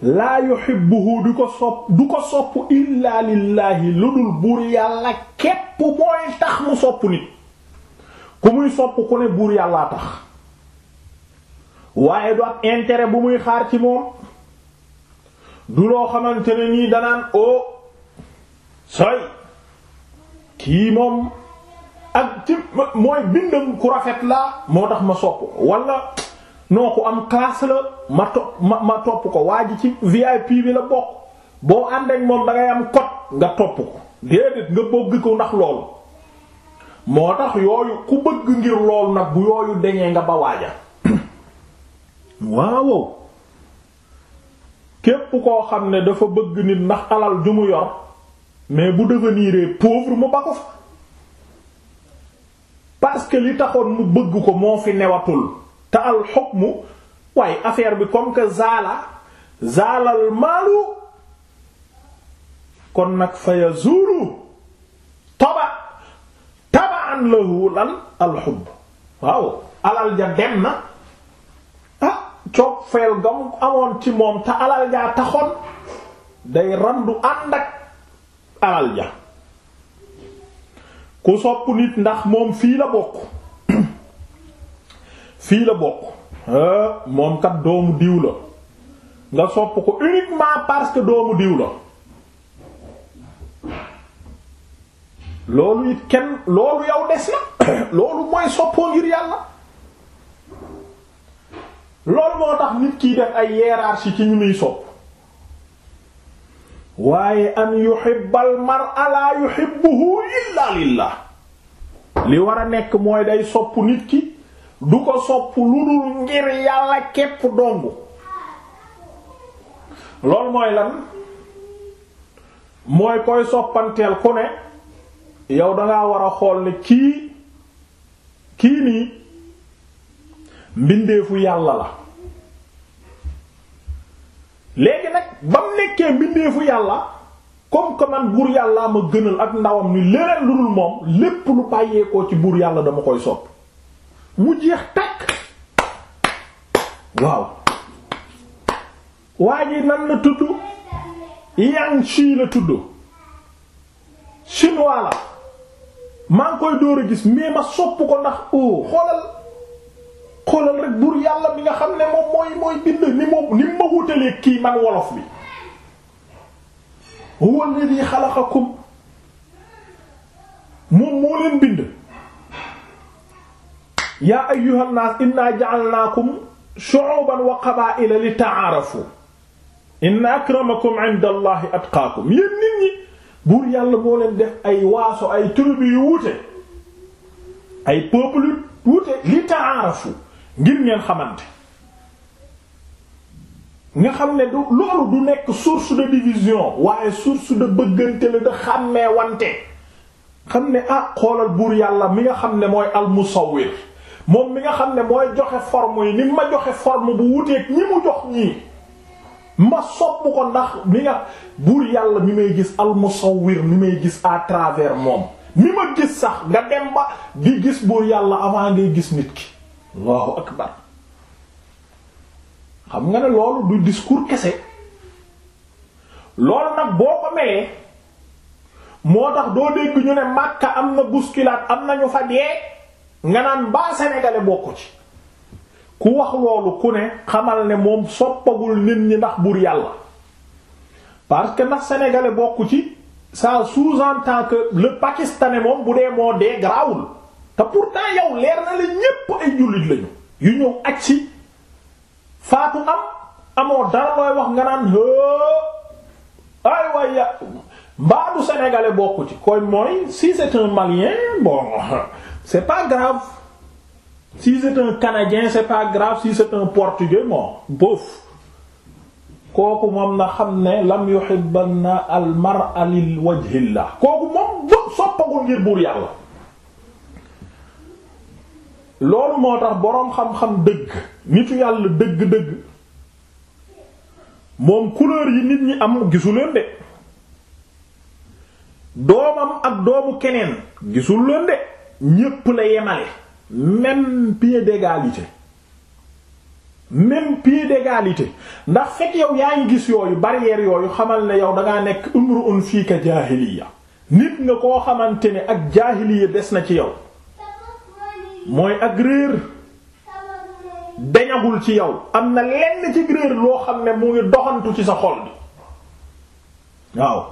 laa yuhibbuhu du ko sopp du ko sopp illaa lillaahi lu dul buur yàlla képp mooy tax mu sopp nit ku muy sopp ku ne buur yàllaa tax waaye du ab intérêt bu muy xaar ci moom du loo xamante ne nii danaan o oh, soy kii moom ak ci mooy bindam ku rafet la moo tax ma sopp walla noo ko am classe la ma topp ma ma topp ko waa ji ci VIP bi la bokk boo ànd moom da ngay am code nga topp ko déedéet nga bëgg ko ndax loolu moo tax yooyu ku bëgg ngir lool nag bu yooyu deñee nga ba waaja [COUGHS] waaw képp koo xam ne dafa bëgg nit ndax alal ju mu yor mais bu devenir pauvre mu ba ko fa parce que li taxoon mu bëgg ko moo fi newatul te al waaye affaire bi comme que zaala zaalal maalu kon nag fa yazulu taba tabaan lahu lan al waaw alal ja dem na ah coog feel gam amoon ci moom te alal jaa taxoon day randu ànd ak alal ja ku sopp nit ndax moom fii la bokk [CLEARS THROAT] fii la bokk moom kat doomu diw la nga sopp ko uniquement parce que doomu diw la loolu it kenn loolu yow des na [CLEARS THROAT] loolu mooy soppoo ngir yàlla loolu moo tax nit kiy def ay hiérarchie ci ñu muy sopp waaye an yuhibbal mar'a la yuhibbuhu illa lillah li war a nekk mooy day sopp nit ki du ko sopp lu dul ngir yàlla képp dong loolu mooy lan mooy koy soppanteel ku ne yow dangaa war a xool ne kii kii nii mbindeefu yàlla la léegi nag ba mu nekkee mbindeefu yàlla comme que man buur yàllaa ma gënal ak ndawam ni leneen lu dul moom lépp lu bàyyeekoo ci buur yàlla dama koy sopp mu jeex takk waaw waa ji nan la tudd yang shi la tudd chinois la maa ngi koy dóor a gis mais ma sopp ko ndax o oh, xoolal xoolal buur yàlla bi nga xam ne moom mooy mooy bind ni moom ni ma wutalee kii man wolof bi huwa alladhi xalaqakum moom moo leen bind yaa ayyuhan naas inna ja'alnaakum shu'uban wa qabaa'ila li ta'aarafu inna akramakum 'inda allahi atqaakum yéen nit buur yàlla moo def ay waaso ay tribu yu wuute ay peuple yu wuute li ta'aarafu ngir ngeen xamante nga xam ne du loolu du nekk source de division waaye source de bëggante la da xàmmee wante xam ne ah xoolal buur yàlla mi nga xam ne mooy almusawwir moom mi nga xam ne mooy joxe forme yi ni ma joxe forme bu wuteeg ñi mu jox ñii ma sopp ko ndax mi nga buur yàlla mi may gis almusawwir mi may gis à travers moom mi ma gis sax nga dem ba di gis buur yàlla avant ngay gis nit ki allahu akbar xam nga ne loolu du discours kese loolu nag boo ko melee moo tax doo dégg ñu ne Makka am na bousculade am na ñu fa dee nga naan baa sénégalais bokku ci ku wax loolu ku ne xamal ne moom soppagul nit ñi ndax buur yàlla parce que ndax sénégalais bokku ci ça sous-entend que le pakistanais moom bu dee moo dee garaawul te pourtant yow leer na la ñépp ay jullit lañu yu ñëw ak si faatu am amoo dara looy wax nga naan ay waay ya mbaa bokku ci koy mooy si c'est un malien bon [LAUGHS] c'est pas grave si c'est un canadien c'est pas grave si c'est un portugais bon bof kooku moom na xam ne lam yuhibbanna al mar'a lil wajhillah kooku moom bu soppagul ngir buur yàlla loolu moo tax boroom xam-xam dëgg nitu yàlla dëgg-dëgg moom couleur yi nit ñi am gisu leen doomam ak doomu keneen gisul leen ñépp la yemale même pied d'égalité même pied d'égalité ndax fekk yow yaa ngi gis yooyu barrière yooyu xamal ne yow dangaa nekk umru'un fii ka jaahiliya nit nga koo xamante ne ak jaahiliya des na ci yow mooy ak réer dañagul ci yow am na lenn ci réer loo xam ne mu ngi doxantu ci sa xol bi waaw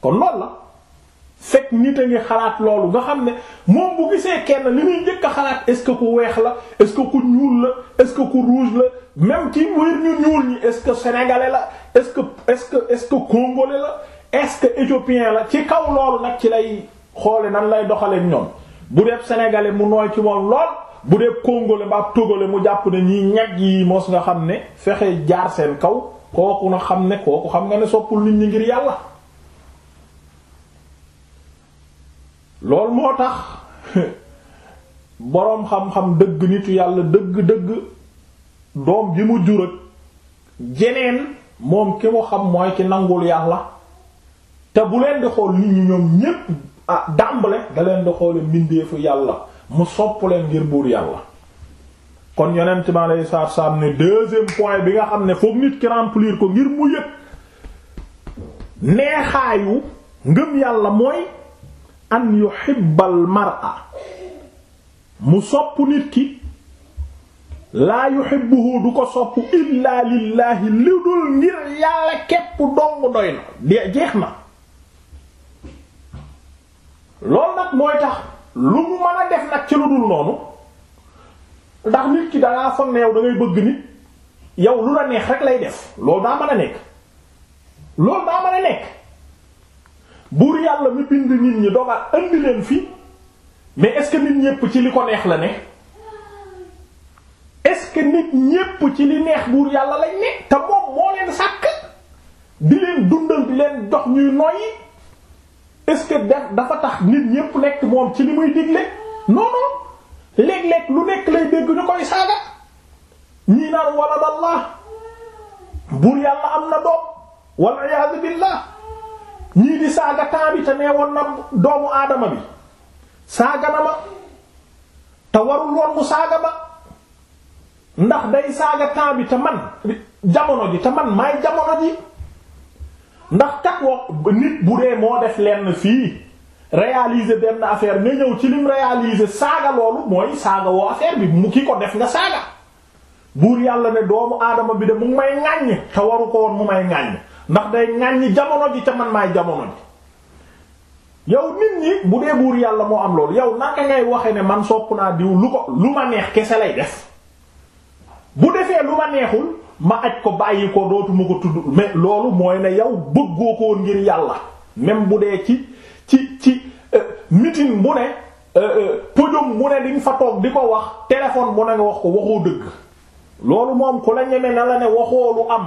kon loolu la fekk nit a ngi xalaat loolu nga xam ne moom bu gisee kenn li muy njëkk a xalaat est-ce que ku weex la est que ku ñuul la est-ce que ku rouge la même ci wér ñu ñuul ñi est-ce que sénégalais la est-ce que est-ce que est-ce que la est-ce que éthiopien la ci kaw loolu nag ci lay xoole nan lay doxalee ñoom. bu dee sénégalais mu nooy ci moom lool bu dee congolais ba ab mu jàpp na ñii ñag yi mos nga xam ne fexe jaar seen kaw kooku na xam ne kooku xam nga ne soppul nit ñi ngir yàlla loolu moo tax [LAUGHS] boroom xam-xam dëgg nitu yàlla dëgg-dëgg doom ji mu jur ak jeneen moom ki mu xam mooy ki nangul yàlla te bu leen di xool nit ñi ñoom ñépp ah dàmbale da leen mbindeefu yàlla mu sopp leen ngir buur yàlla kon yonent bi aleyhi salaatu salaam ne deuxième point bi nga xam ne foog nit ki remplir ko ngir mu yëg neexaayu ngëm yàlla mooy an yuhibbal mar'a mu sopp nit ki laa yuhibbuhu du ko sopp illaa lillaahi lu dul ngir yàlla képp dong doy na jeex na loolu nag mooy tax lu mu mën a def nag ci lu dul noonu ndax nit ki dangaa foog ne yow da ngay bëgg nit yow lu la neex rek lay def loolu daa mën a nekk loolu daa mën a nekk buur yàlla mi bind nit ñi dogal indi leen fi mais est-ce ñépp ci li ko neex la ne est-ce que nit ñépp ci li neex buur yàlla lañ ne te moom moo leen sàkk di leen dundal leen dox ñuy noyyi est-ce que dafa tax nit ñépp nekk moom ci li muy digle non non léeg-léeg lu nekk lay dégg ñu koy saaga ñii naan wala dallah buur yàlla am na doom wala iyaazu billah ñii di saaga temps bi te nee woon na doomu aadama bi saaga na ma te warul woon mu saaga ma ndax day saaga temps bi te man jamono ji te man maay jamono ji. ndax kat wo nit bu dee moo def lenn fii réaliser benn affaire nga ñëw ci lim réaliser saaga loolu mooy saaga woo affaire bi mu ki ko def nga saaga buur yàlla ne doomu aadama bi de mu may ŋàññ te waru ko woon mu may ŋàññ ndax day ŋàññ jamono ji ca man maay jamono ji yow nit ñi bu dee buur yàlla moo am loolu yow naka ngay waxe ne man sopp naa diw lu ko lu ma neex kese lay def bu defee lu ma neexul ma aj ko bàyyi ko dootuma ko tudd mais loolu mooy ne yow bëggoo ko woon ngir yàlla même bu dee ci ci ci euh, mitin bu ne euh, euh, podium bu ne di nga fa toog di ko wax téléphone bu ne nga wax ko waxoo dëgg loolu moom ku la ñeme na la ne waxoo lu am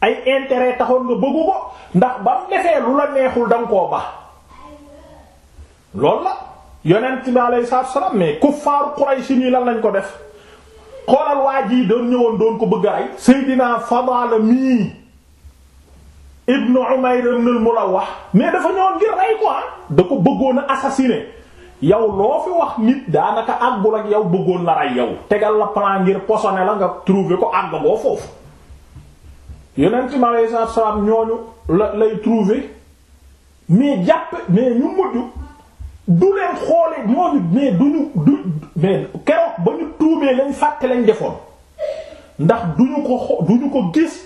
ay intérêt taxoon nga bëggu ko ndax ba mu defee lu la neexul da ko ba baax na la yonent bi alayhi salaam mais kuffaaru Quraysh nii lan lañ ko def. xoolal waa ji doon ñëwoon doon ko bëgg a rey Seydina Fadala mii Ibn Umayr ibn al-Mulawah mais dafa ñëwoon ngir rey quoi ah. da ko bëggoon a assassiner yow loo fi wax nit daanaka àggul ak yow bëggoon la rey yow tegal la plan ngir posone la nga trouver ko àgg boo foofu yonent mi alayhi salaam ñooñu la lay trouver mais jàpp mais ñu mujj. du leen xoolee ñooñu mais du ñu du mais keroog ba ñu tuubee lañ fàtte lañ defoon ndax du ñu ko xo du ñu ko gis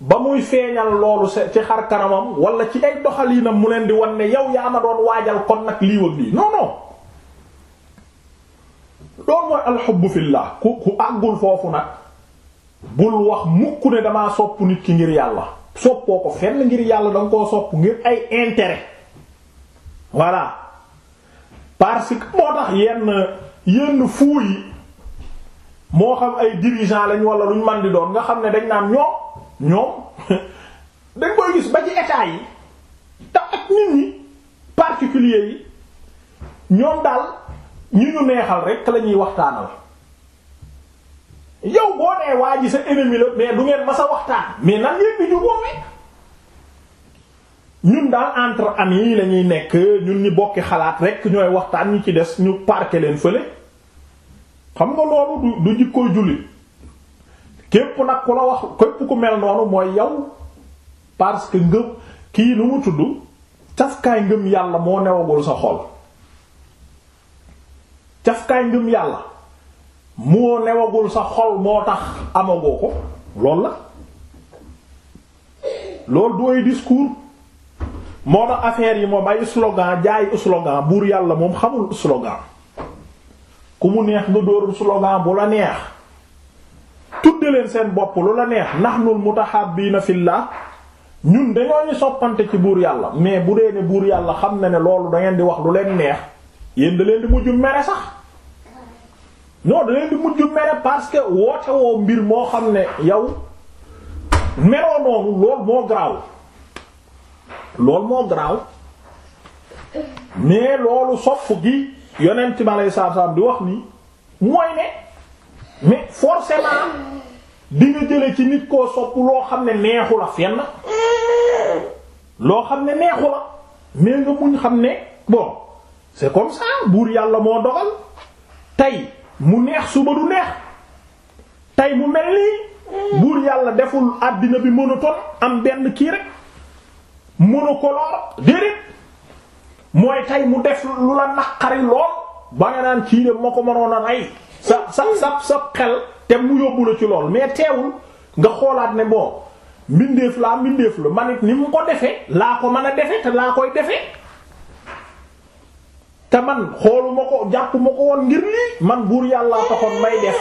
ba muy feeñal loolu ci xar kanamam wala ci ay doxalinam mu leen di wan ne yow yaa ma doon waajal kon nag lii wëg lii non non doon mooy alxubbu ku àggul foofu nag bul wax mukk ne damaa sopp nit ki ngir yàlla soppoo ko fenn ngir yàlla danga koo sopp ngir ay intérêt voilà parce que moo tax yenn yenn fuu yi moo xam ay dirigeant lañ wala luñ man di doon nga xam ne dañ naan ñoom ñoom [LAUGHS] dañ koy gis ba ci état yi tax ak nit ñi particuliers yi ñoom daal ñu ñu neexal rek la ñuy waxtaanal yow boo nee waa ji sa ennemi la mais du ngeen mës a waxtaan mais nan ngeen di jubóowee. ñun daal entre amis lañuy nekk ñun ñi bokki xalaat rek ñooy waxtaan ñi ci des ñu parqué leen fële xam nga loolu du du jikkoo jullit képp nag ku la wax képp ku mel noonu mooy yow parce que ngëm kii nu mu tudd cafkaay ngëm yàlla moo newagul sa xol cafkaay ngëm yàlla moo newagul sa xol moo tax amagoo ko loolu la loolu du ay discours moo tax affaire yi moom ay slogan jaay slogan buur yàlla moom xamul slogan ku mu neex nga dóorul slogan bu la neex tudde leen seen bopp lu la neex nahnul mutahabbiina fillah ñun dañoo ñu soppante ci buur yàlla mais bu dee ne buur yàlla xam na ne loolu da ngeen di wax lu leen neex yéen da leen di mujj mere sax non da leen di mujj mere parce que woote mbir moo xam ne yow meroo noonu loolu moo garaaw loolu moo garaaw mais loolu sopp gi yonent bi aleyhi salaatu di wax nii mooy ne mais forcément di nga jële ci nit koo sopp loo xam ne neexu la fenn loo xam ne neexu la mais nga muñ xam ne bon c'est comme buur yàlla moo doxal tey mu neex suba du neex tey mu mel nii buur yàlla deful àddina bi monotone am benn kii rek mënu ko lool déedéet mooy tey mu def lu la naqari lool ba nga naan kii de ma ko manoon a rey sa sa sa sa xel te mu yóbbu la ci lool mais teewul nga xoolaat ne bon mbindeef laa mbindeef la man it ni mu ko defee laa ko man a defee te laa koy defee te man xooluma ko jàpp ma ko woon ngir lii man buur yàllaa taxoon may def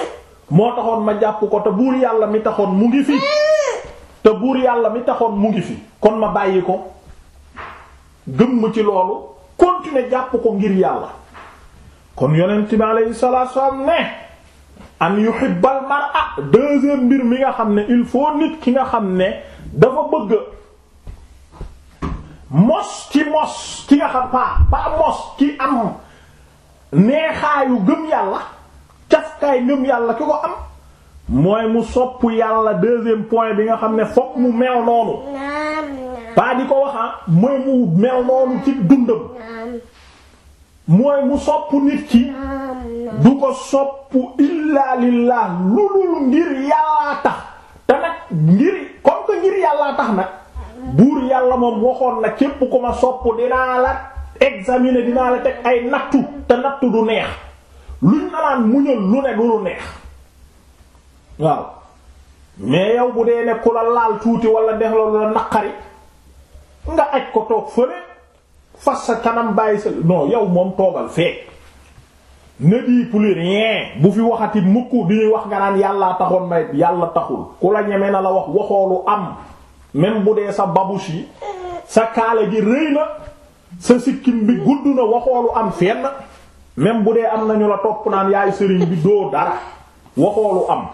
moo taxoon ma jàpp ko te buur yàlla mi taxoon mu ngi fi. te buur yàlla mi taxoon mu ngi fi kon ma bàyyi ko gëmm ci loolu continuer jàpp ko ngir yàlla kon yonent bi alayhi salaatu wasallam ne an yuhibbal mar'a deuxième mbir mi nga xam ne il faut nit ki nga xam ne dafa bëgg mos ci mos ki nga xam pas pas mos ci am neexaayu gëm yàlla cafkaay ngëm yàlla ki ko am mooy mu sopp yàlla deuxième point bi nga xam ne fokk mu mel noonu pas di ko waxa ah, mooy mu mel noonu ci dundam mooy mu sopp nit ki du ko sopp illaa lillah lu dul ngir yàllaa tax te nag ngir comme que ngir yàllaa tax nag buur yàlla moom waxoon na képp ku ma sopp dinaa la examiner dinaa la teg ay nattu te nattu du neex luñ nalaan muñal lu ne du lu neex waaw mais yow bu dee ne ku laal tuuti wala def la naqari nga aj ko toog fële fas sa kanam bàyyi sa non yow moom toogal fee ne dis plus rien bu fi waxati mukk di ñuy wax nga naan yàllaa taxoon may yàlla taxul ku la ñeme na la wax waxoolu am même bu dee sa babush yi sa kaala gi rëy na sa sikkim bi gudd na waxoolu am fenn même bu dee am nañu la topp naan yaay sëriñ bi doo dara waxoolu am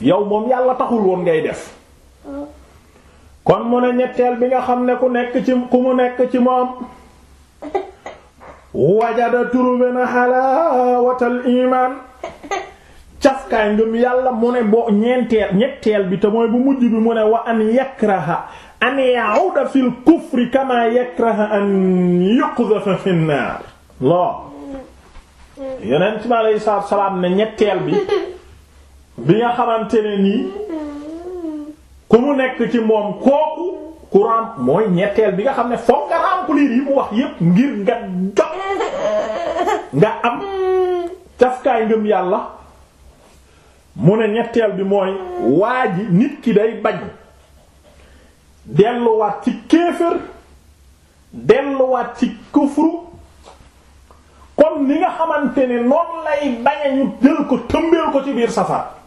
yow moom yàlla taxul woon ngay def kon mu ne ñetteel bi nga xam ne ku nekk ci ku mu nekk ci moom wajada trouvé na xalaawatal iman cafkaay yàlla mu ne boo ñeenteel ñetteel bi te mooy bu mujj bi mu ne wa an yakraha an ya'uda fil kufri kama yakraha an yuqdhafa fin nar lo yeneen ci ma salaam ne ñetteel bi bi nga xamante ne nii ku mu nekk ci moom kooku ku mooy ñetteel bi nga xam ne foog nga remplir yi mu wax yépp ngir nga jot nga am cafkaay ngëm yàlla mu ne ñetteel bi mooy waa nit ki day bañ delluwaat ci kéefër delluwaat ci kufru comme ni nga xamante ne noonu lay bañ ñu jël ko tëmbeel ko ci biir safar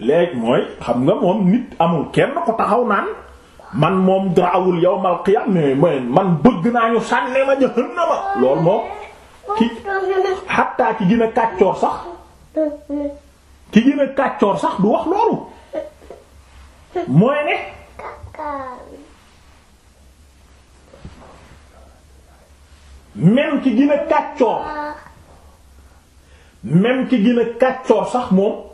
léegi mooy xam nga moom nit amul kenn ko taxaw naan man moom draawul yawmal qiyaam mais man bëgg naa ñu sànni ma jahannama loolu moom ki xattaa ki gën kàccoor sax ki gën a kàccoor sax du wax loolu mooy ne même ki gën kàccoor même ki gën kàccoor sax moom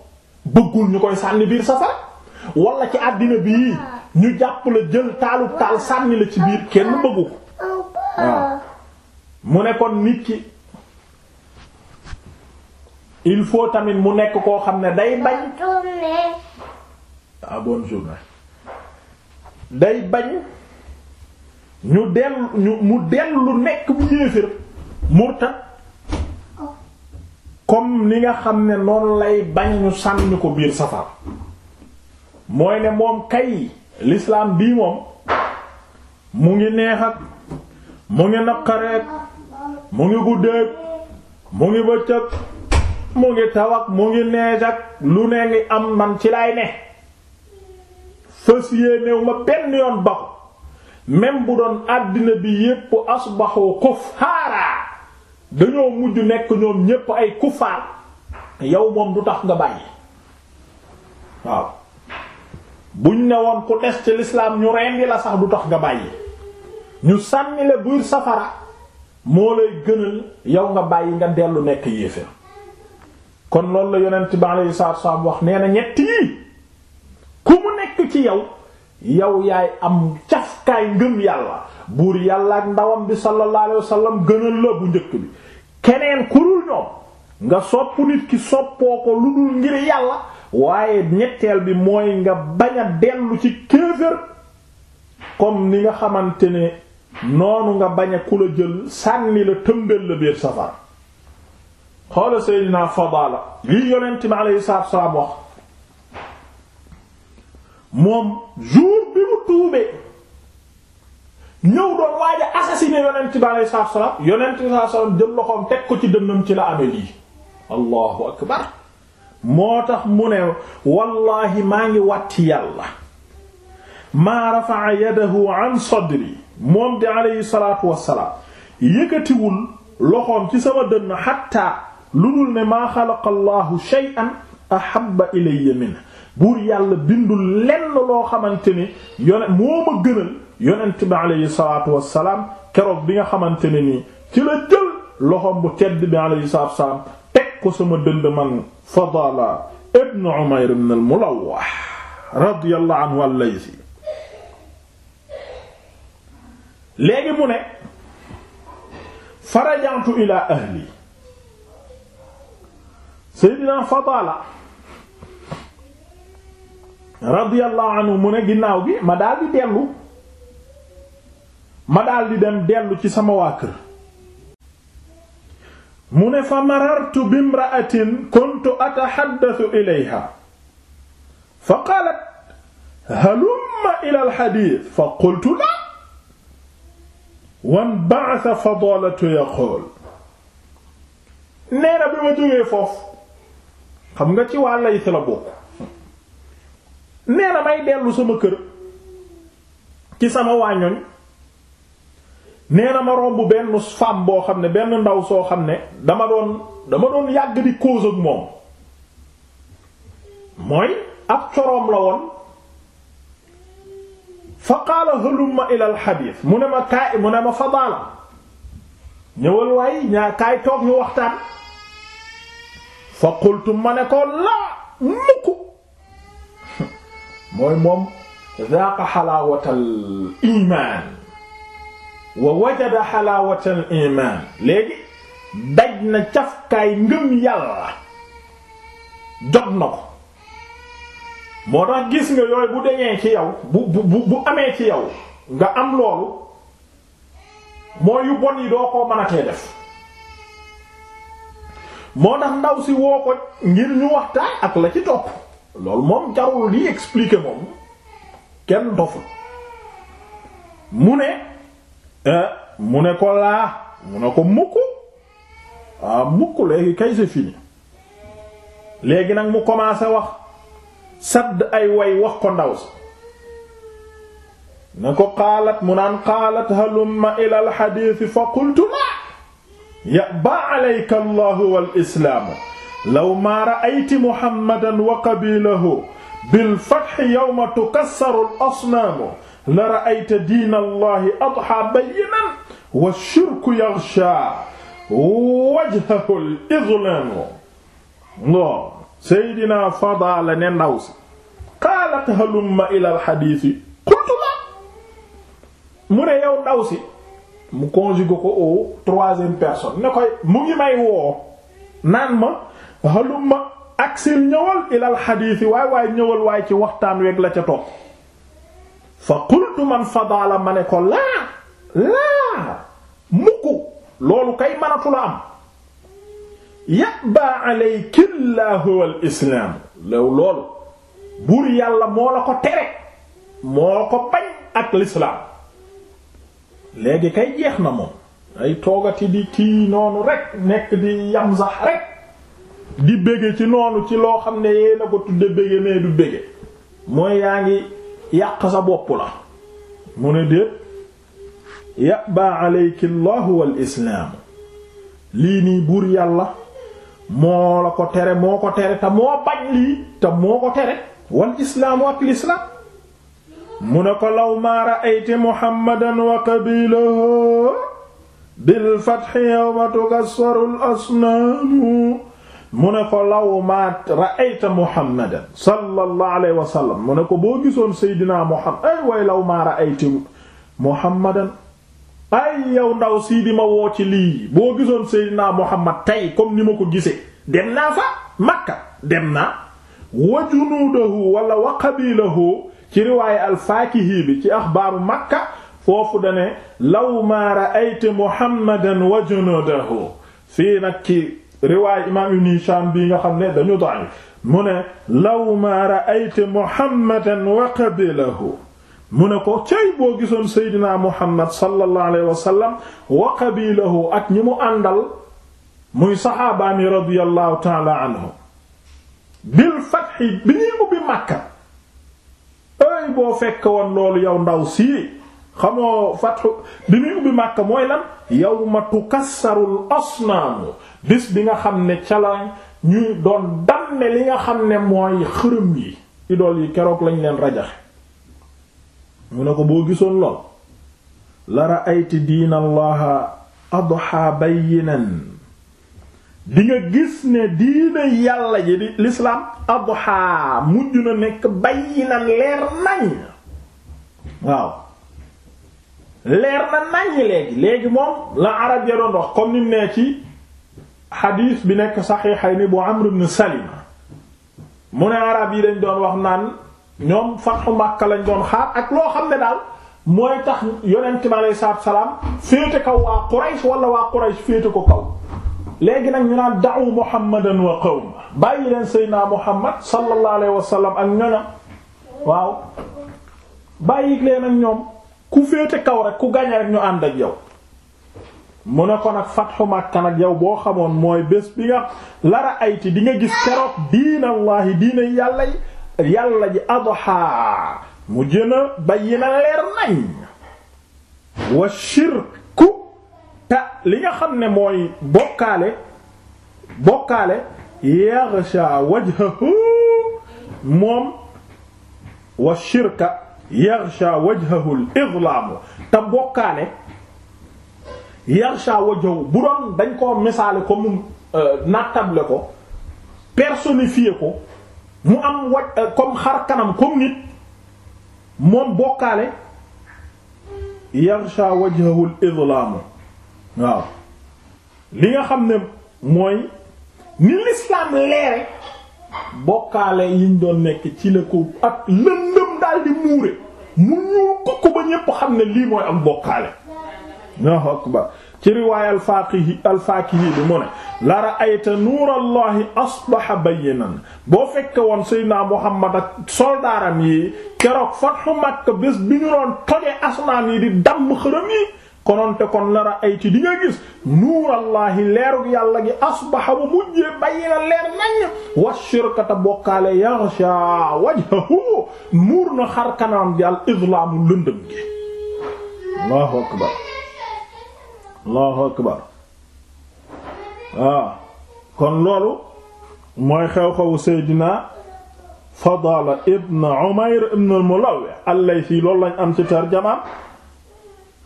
bëggul ñu koy sànni biir safara wala ci àddina bi bii ñu jàpp la jël taalu taal sànni la ci biir kenn bëggu ko waaw mu ne kon nit ki il faut tamit mu nekk koo xam ne day bañ ah, day bañ ñu dellu ñu mu dellu nekk bu yéefër murtad comme ni nga xam ne noonu lay bañ ñu sànni ko biir safar mooy ne moom kay l'islam bii moom mu ngi neex mu ngi naqareek mu ngi guddeeg mu ngi bëccëg mu ngi taw mu ngi neej lu ne ngi am man ci lay ne fës yéenéew ma benn yoon baxu même bu doon àddina bi yépp asbaxoo kuffaara dañoo mujj nekk ñoom ñépp ay kufaar yow moom du tax nga bàyyi waaw buñ ne woon ku des ci lislaam ñu rendi la sax du tax nga bàyyi ñu sànni la buur safara moo lay gënal yow nga bàyyi nga dellu nekk yéeféer kon loolu la yonent bi alayhi salaatu wasallam wax nee na ñett ku mu nekk ci yow yow yaay am cafkaay ngëm yàlla buur yàlla ak ndawam bi sallallahu alayhi wasallam gënal la bu njëkk bi keneen kurul ñoom nga sopp nit ki soppoo ko lu dul ngir yàlla waaye ñetteel bi mooy nga bañ a dellu ci kéefër comme ni nga xamante ne noonu nga bañ a ku la jël sànni la tëmbel la biir safar xoola Seydina Fadala lii yonent mi alayhi salaatu salaam wax moom jour bi mu tuubee ñëw doon waaja assassiné yonent bi aleyhi salaatu salaam jël loxoom teg ko ci dënnam ci la amee lii allahu akbar moo tax mu ne wallahi maa ngi wàtti yàlla maa rafa'a yadahu an sadri moom di aleyhi salaatu loxoom ci sama dënn xatta lu dul ne maa xalaqa allahu shay'an ahabba ilayya minhu buur yàlla bindul lenn loo xamante ni yone moo ma gënal yonent bi aleyhi salaatu wassalaam keroog bi nga xamante ne nii ci la jël loxoom bu tedd bi aleyhi salaatu wassalaam teg ko sama dënd man Fadala ibn Umayr ibn al-Mulawwah radiyallahu anhu al-Laythi léegi mu ne farajantu ila ahli sayyidina Fadala radiyallahu anhu mu ne ginnaaw gi ma daal di dellu ma daal di dem dellu ci sama waa kër mu ne fa marartu bimra'atin kuntu atahaddathu ilayha fa qaalat halumma ila alhadith fa qultu la wan ba'atha fadalatu yaqul nee na bi ma jógee foofu xam nga ci waa layt la bokk nee na may dellu sama kër ci sama wàññoñ nee na ma romb benn femme boo xam ne benn ndaw soo xam ne dama doon dama doon yàgg di cause ak moom mooy ab coroom la woon fa qaala halumma ila al xadiis mu ne ma kaay mu ne ma fadaala ñëwal waaye ñaa kaay toog ñu waxtaan fa qultu ma ne ko laa mukk mooy moom zaaqa xalaawatal iman wa wajada xalaawatal iman léegi daj na cafkaay ngëm yàlla jot na ko moo tax gis nga yooyu bu deñee ci yow bu bu bu amee ci yow nga am loolu mooy yu bon yi doo koo mënatee def moo tax ndaw si woo ko ngir ñu waxtaan ak la ci topp loolu moom jarul li expliquer moom kenn doful mu ne euh, mu ne ko laa mu ne ko mukk ah mukk léegi kay c'est fini léegi nag mu commencé wax sadd ay way wax ko ndaw si na ko qaalat mu naan qaalat halumma ila al hadith fa qultu la ya ba alayka allahu wal islaamu law maa ra'ayti muhammadan wa qabilahu bil fathi yawma tukassaru al asnaamu la ra'ayta diina allahi adha bayyinan wa shirku yaghsha wajhahu al idlaamu non Seydina Fadaala ne ndaw si qaalat halumma ila al hadiisi qultu la mu ne yow ndaw si mu conjugué ko au troisième personne ne koy mu ngi may woo naan ma halumma aksil ñëwal ilal xadiisi waay waay ñëwal waay ci waxtaan weeg la ca topp fa qultu man fadaala ma ne ko laa laa mukku loolu kay mënatu la am yaba aleykilahu al islaam low loolu buur yàlla moo ko tere moo ko bañ ak lislaam léegi kay jeex na moom ay toogati di kii noonu rek nekk di yamsax rek di bëgge ci noonu ci loo xam ne yee na ko tudde bëgge mais du bëgge mooy yaa ngi yàq sa bopp la mu ne déet yaba aleyki wal islaam lii nii buur yàlla moo la ko tere moo ko tere te moo bañ lii te moo ko tere wal islaamu ak lislaam mu ne ko law maa ra'ayti muhammadan wa qabilahu bil fathi yawma tukassaru al asnaamu mu ne ko law ma ra'ayta muhammadan sallallahu alayhi wa sallam ne ko boo gisoon seydinaa muhammad ay way law ma ra'ayta muhammadan ay yow ndaw sii di ma woo ci lii boo gisoon seydinaa muhammad tey comme ni ma ko gisee dem naa fa makka dem naa wa junuudahu wala wa qabilahu ci riwaaye alfaakihi bi ci axbaaru makka foofu dane law ma ra'ayta muhammadan wa junuudahu fii nag riwaay imaam ibn Hisham nga xam ne dañu da'if mu ne law ma Muhammadan wa qabilahu mu ne ko cay boo gisoon Seydina Muhammad sallallahu alayhi wa sallam wa qabilahu ak ñi mu àndal muy saxaabaani radiyallahu ta'ala anhu bil fathi bi ñuy ubbi Makka ay boo fekk woon loolu yow ndaw sii xamoo fatxu bi muy ubbi Makka mooy lan yawma tukassarul asnaamu bis bi nga xam ne ca la ñuy doon danne li nga xam ne mooy xërëm yi idol yi keroog lañ leen rajaxe mu ne ko boo gisoon lool la ra'ayti diina allaha adha bayyinan di nga gis ne diina yàlla ji di l'islam mujj na nekk bayyinan leer nañ waaw leer na naññ léegi léegi moom la arab ya doon wax comme ni nee ci xadiis bi nekk saxiixay ni bu Amr ibn Salima mu ne arab yi dañ doon wax naan ñoom fatxu Makka lañ doon xaar ak loo xam ne daal mooy tax yonent bi aleyhi salaatu salaam féete kaw waa Quraysh wala waa Quraysh féete ko kaw léegi nag ñu naan da'u Muhammadan wa qawma bàyyi leen Seydina Muhammad sallallahu alayhi wa sallam ak ñoñam waaw bàyyi leen ak ñoom. ku féete kaw rek ku gañe rek ñu ànd ak yow mu ne ko nag fatxu Makka nag yow boo xamoon mooy bés bi nga lara ayti di nga gis keroog diinallaahi diina yàlla yàlla ji adhaa mu jën a bayyina leer nañ wa shirku te li nga xam ne mooy bokkaale bokkaale yaghsha wajhahu moom wa shirka yarsha wajhahul izlaamu te bokkaale yarsha wajhahu bu doon dañ koo misaale ko mu euh, nattable ko personnifié ko mu am waj euh, comme xar kanam comme nit moom bokkaale yarsha wajhahul izlaamu waaw li nga xam ne mooy ni l'islam leere bokkaale yiñ doon nekk ci la ko ak lëndëm daal muure mu ñuul kukk ba ñépp xam ne lii mooy ak bokkaale Allahu akbar ci riwaaya alfaaqihi bi mu ne la ra'ayta nuurallahi asbaha bayyinan boo fekke woon Seydina Muhammad ak soldaaram yi keroog Fathu Makka bés bi ñu doon toje asmaan yi di damm xërëm yi kononte kon la ra'ayti di nga gis nuurallaahi leerug yàlla gi asbaha bu mujjee bàyyi na leer nañ wa shirkata bokkaale yaghsha wajhahu muur na xar kanam di al islaamu gi allahu akbar allahu akbar ah, kon loolu mooy xew-xewu Seydina Fadala ibn Umayr ibn al-Mulawih al-Laythi am ci tarjama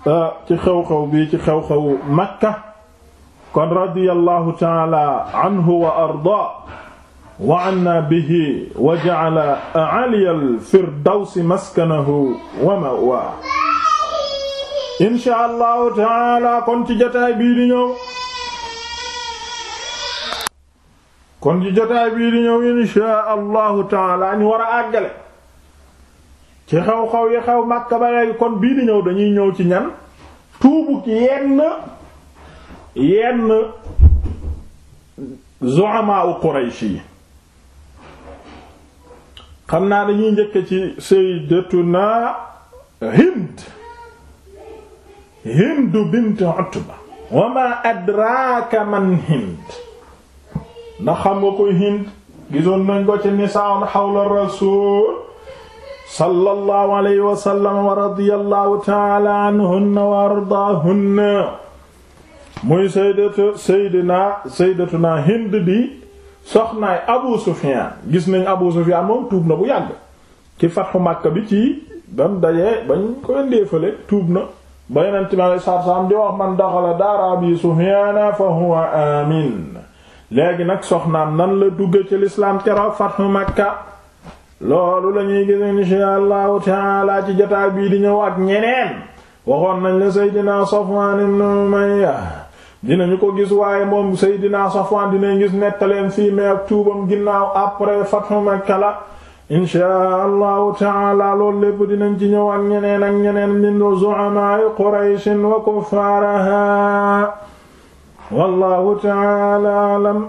Ah, ci xew-xew bi ci xew-xew Makka kon radiyallahu ta'ala anhu wa arda wa anna bihi wa ja'ala a'aliya al-firdawsi maskanahu wa ma'waahu insha allahu ta'ala kon ci jotaay bii di ñëw kon ci jotaay bii di ñëw insha allahu ta'ala ñu war a àggale ci xew-xew yi xew Makka kon bii di ñëw dañuy ñëw ci ñan tuubuk yenn yenn zu'amaa u Quraysh xam naa dañuy njëkk ci sayyidatuna Hind Hind bint Utba wa maa adraaka Hind ndax xam nga koy Hind gisoon nañ ko ci nisaa xawla Rasuul sallallahu alayhi wa sallam wa radiyallahu ta'ala anhunna wa ardaahunna muy sayyidatu sayyidina sayyidatuna Hind bi soxnaay Abu Sufyan gis nañ Abu Sufyan moom tuub na bu yàgg ci fatxu Makka bi ci bam dajee bañ ko ndeefale tuub na ba yonent mi alayhi salaatu salaam wax man daxala daara Abi Sufyan fa huwa léegi nag soxnaam nan la dugg ci lislaam keroog fatxu Makka loolu la ñuy gis insha allahu taala ci jotaay bii di ñëw ak ñeneen waxoon nañ la Seydina Safwan ibn Umayya dinañu ko gis waaye moom Seydina Safwan dinañ gis nettaleen fii mais ak tuubam ginnaaw après fathu Makka la insha allahu taala loolu lépp dinañ ci ñëw ak ñeneen ak ñeneen min zu'amaa'i Qurayshin wa kuffaaraha wallahu taala alam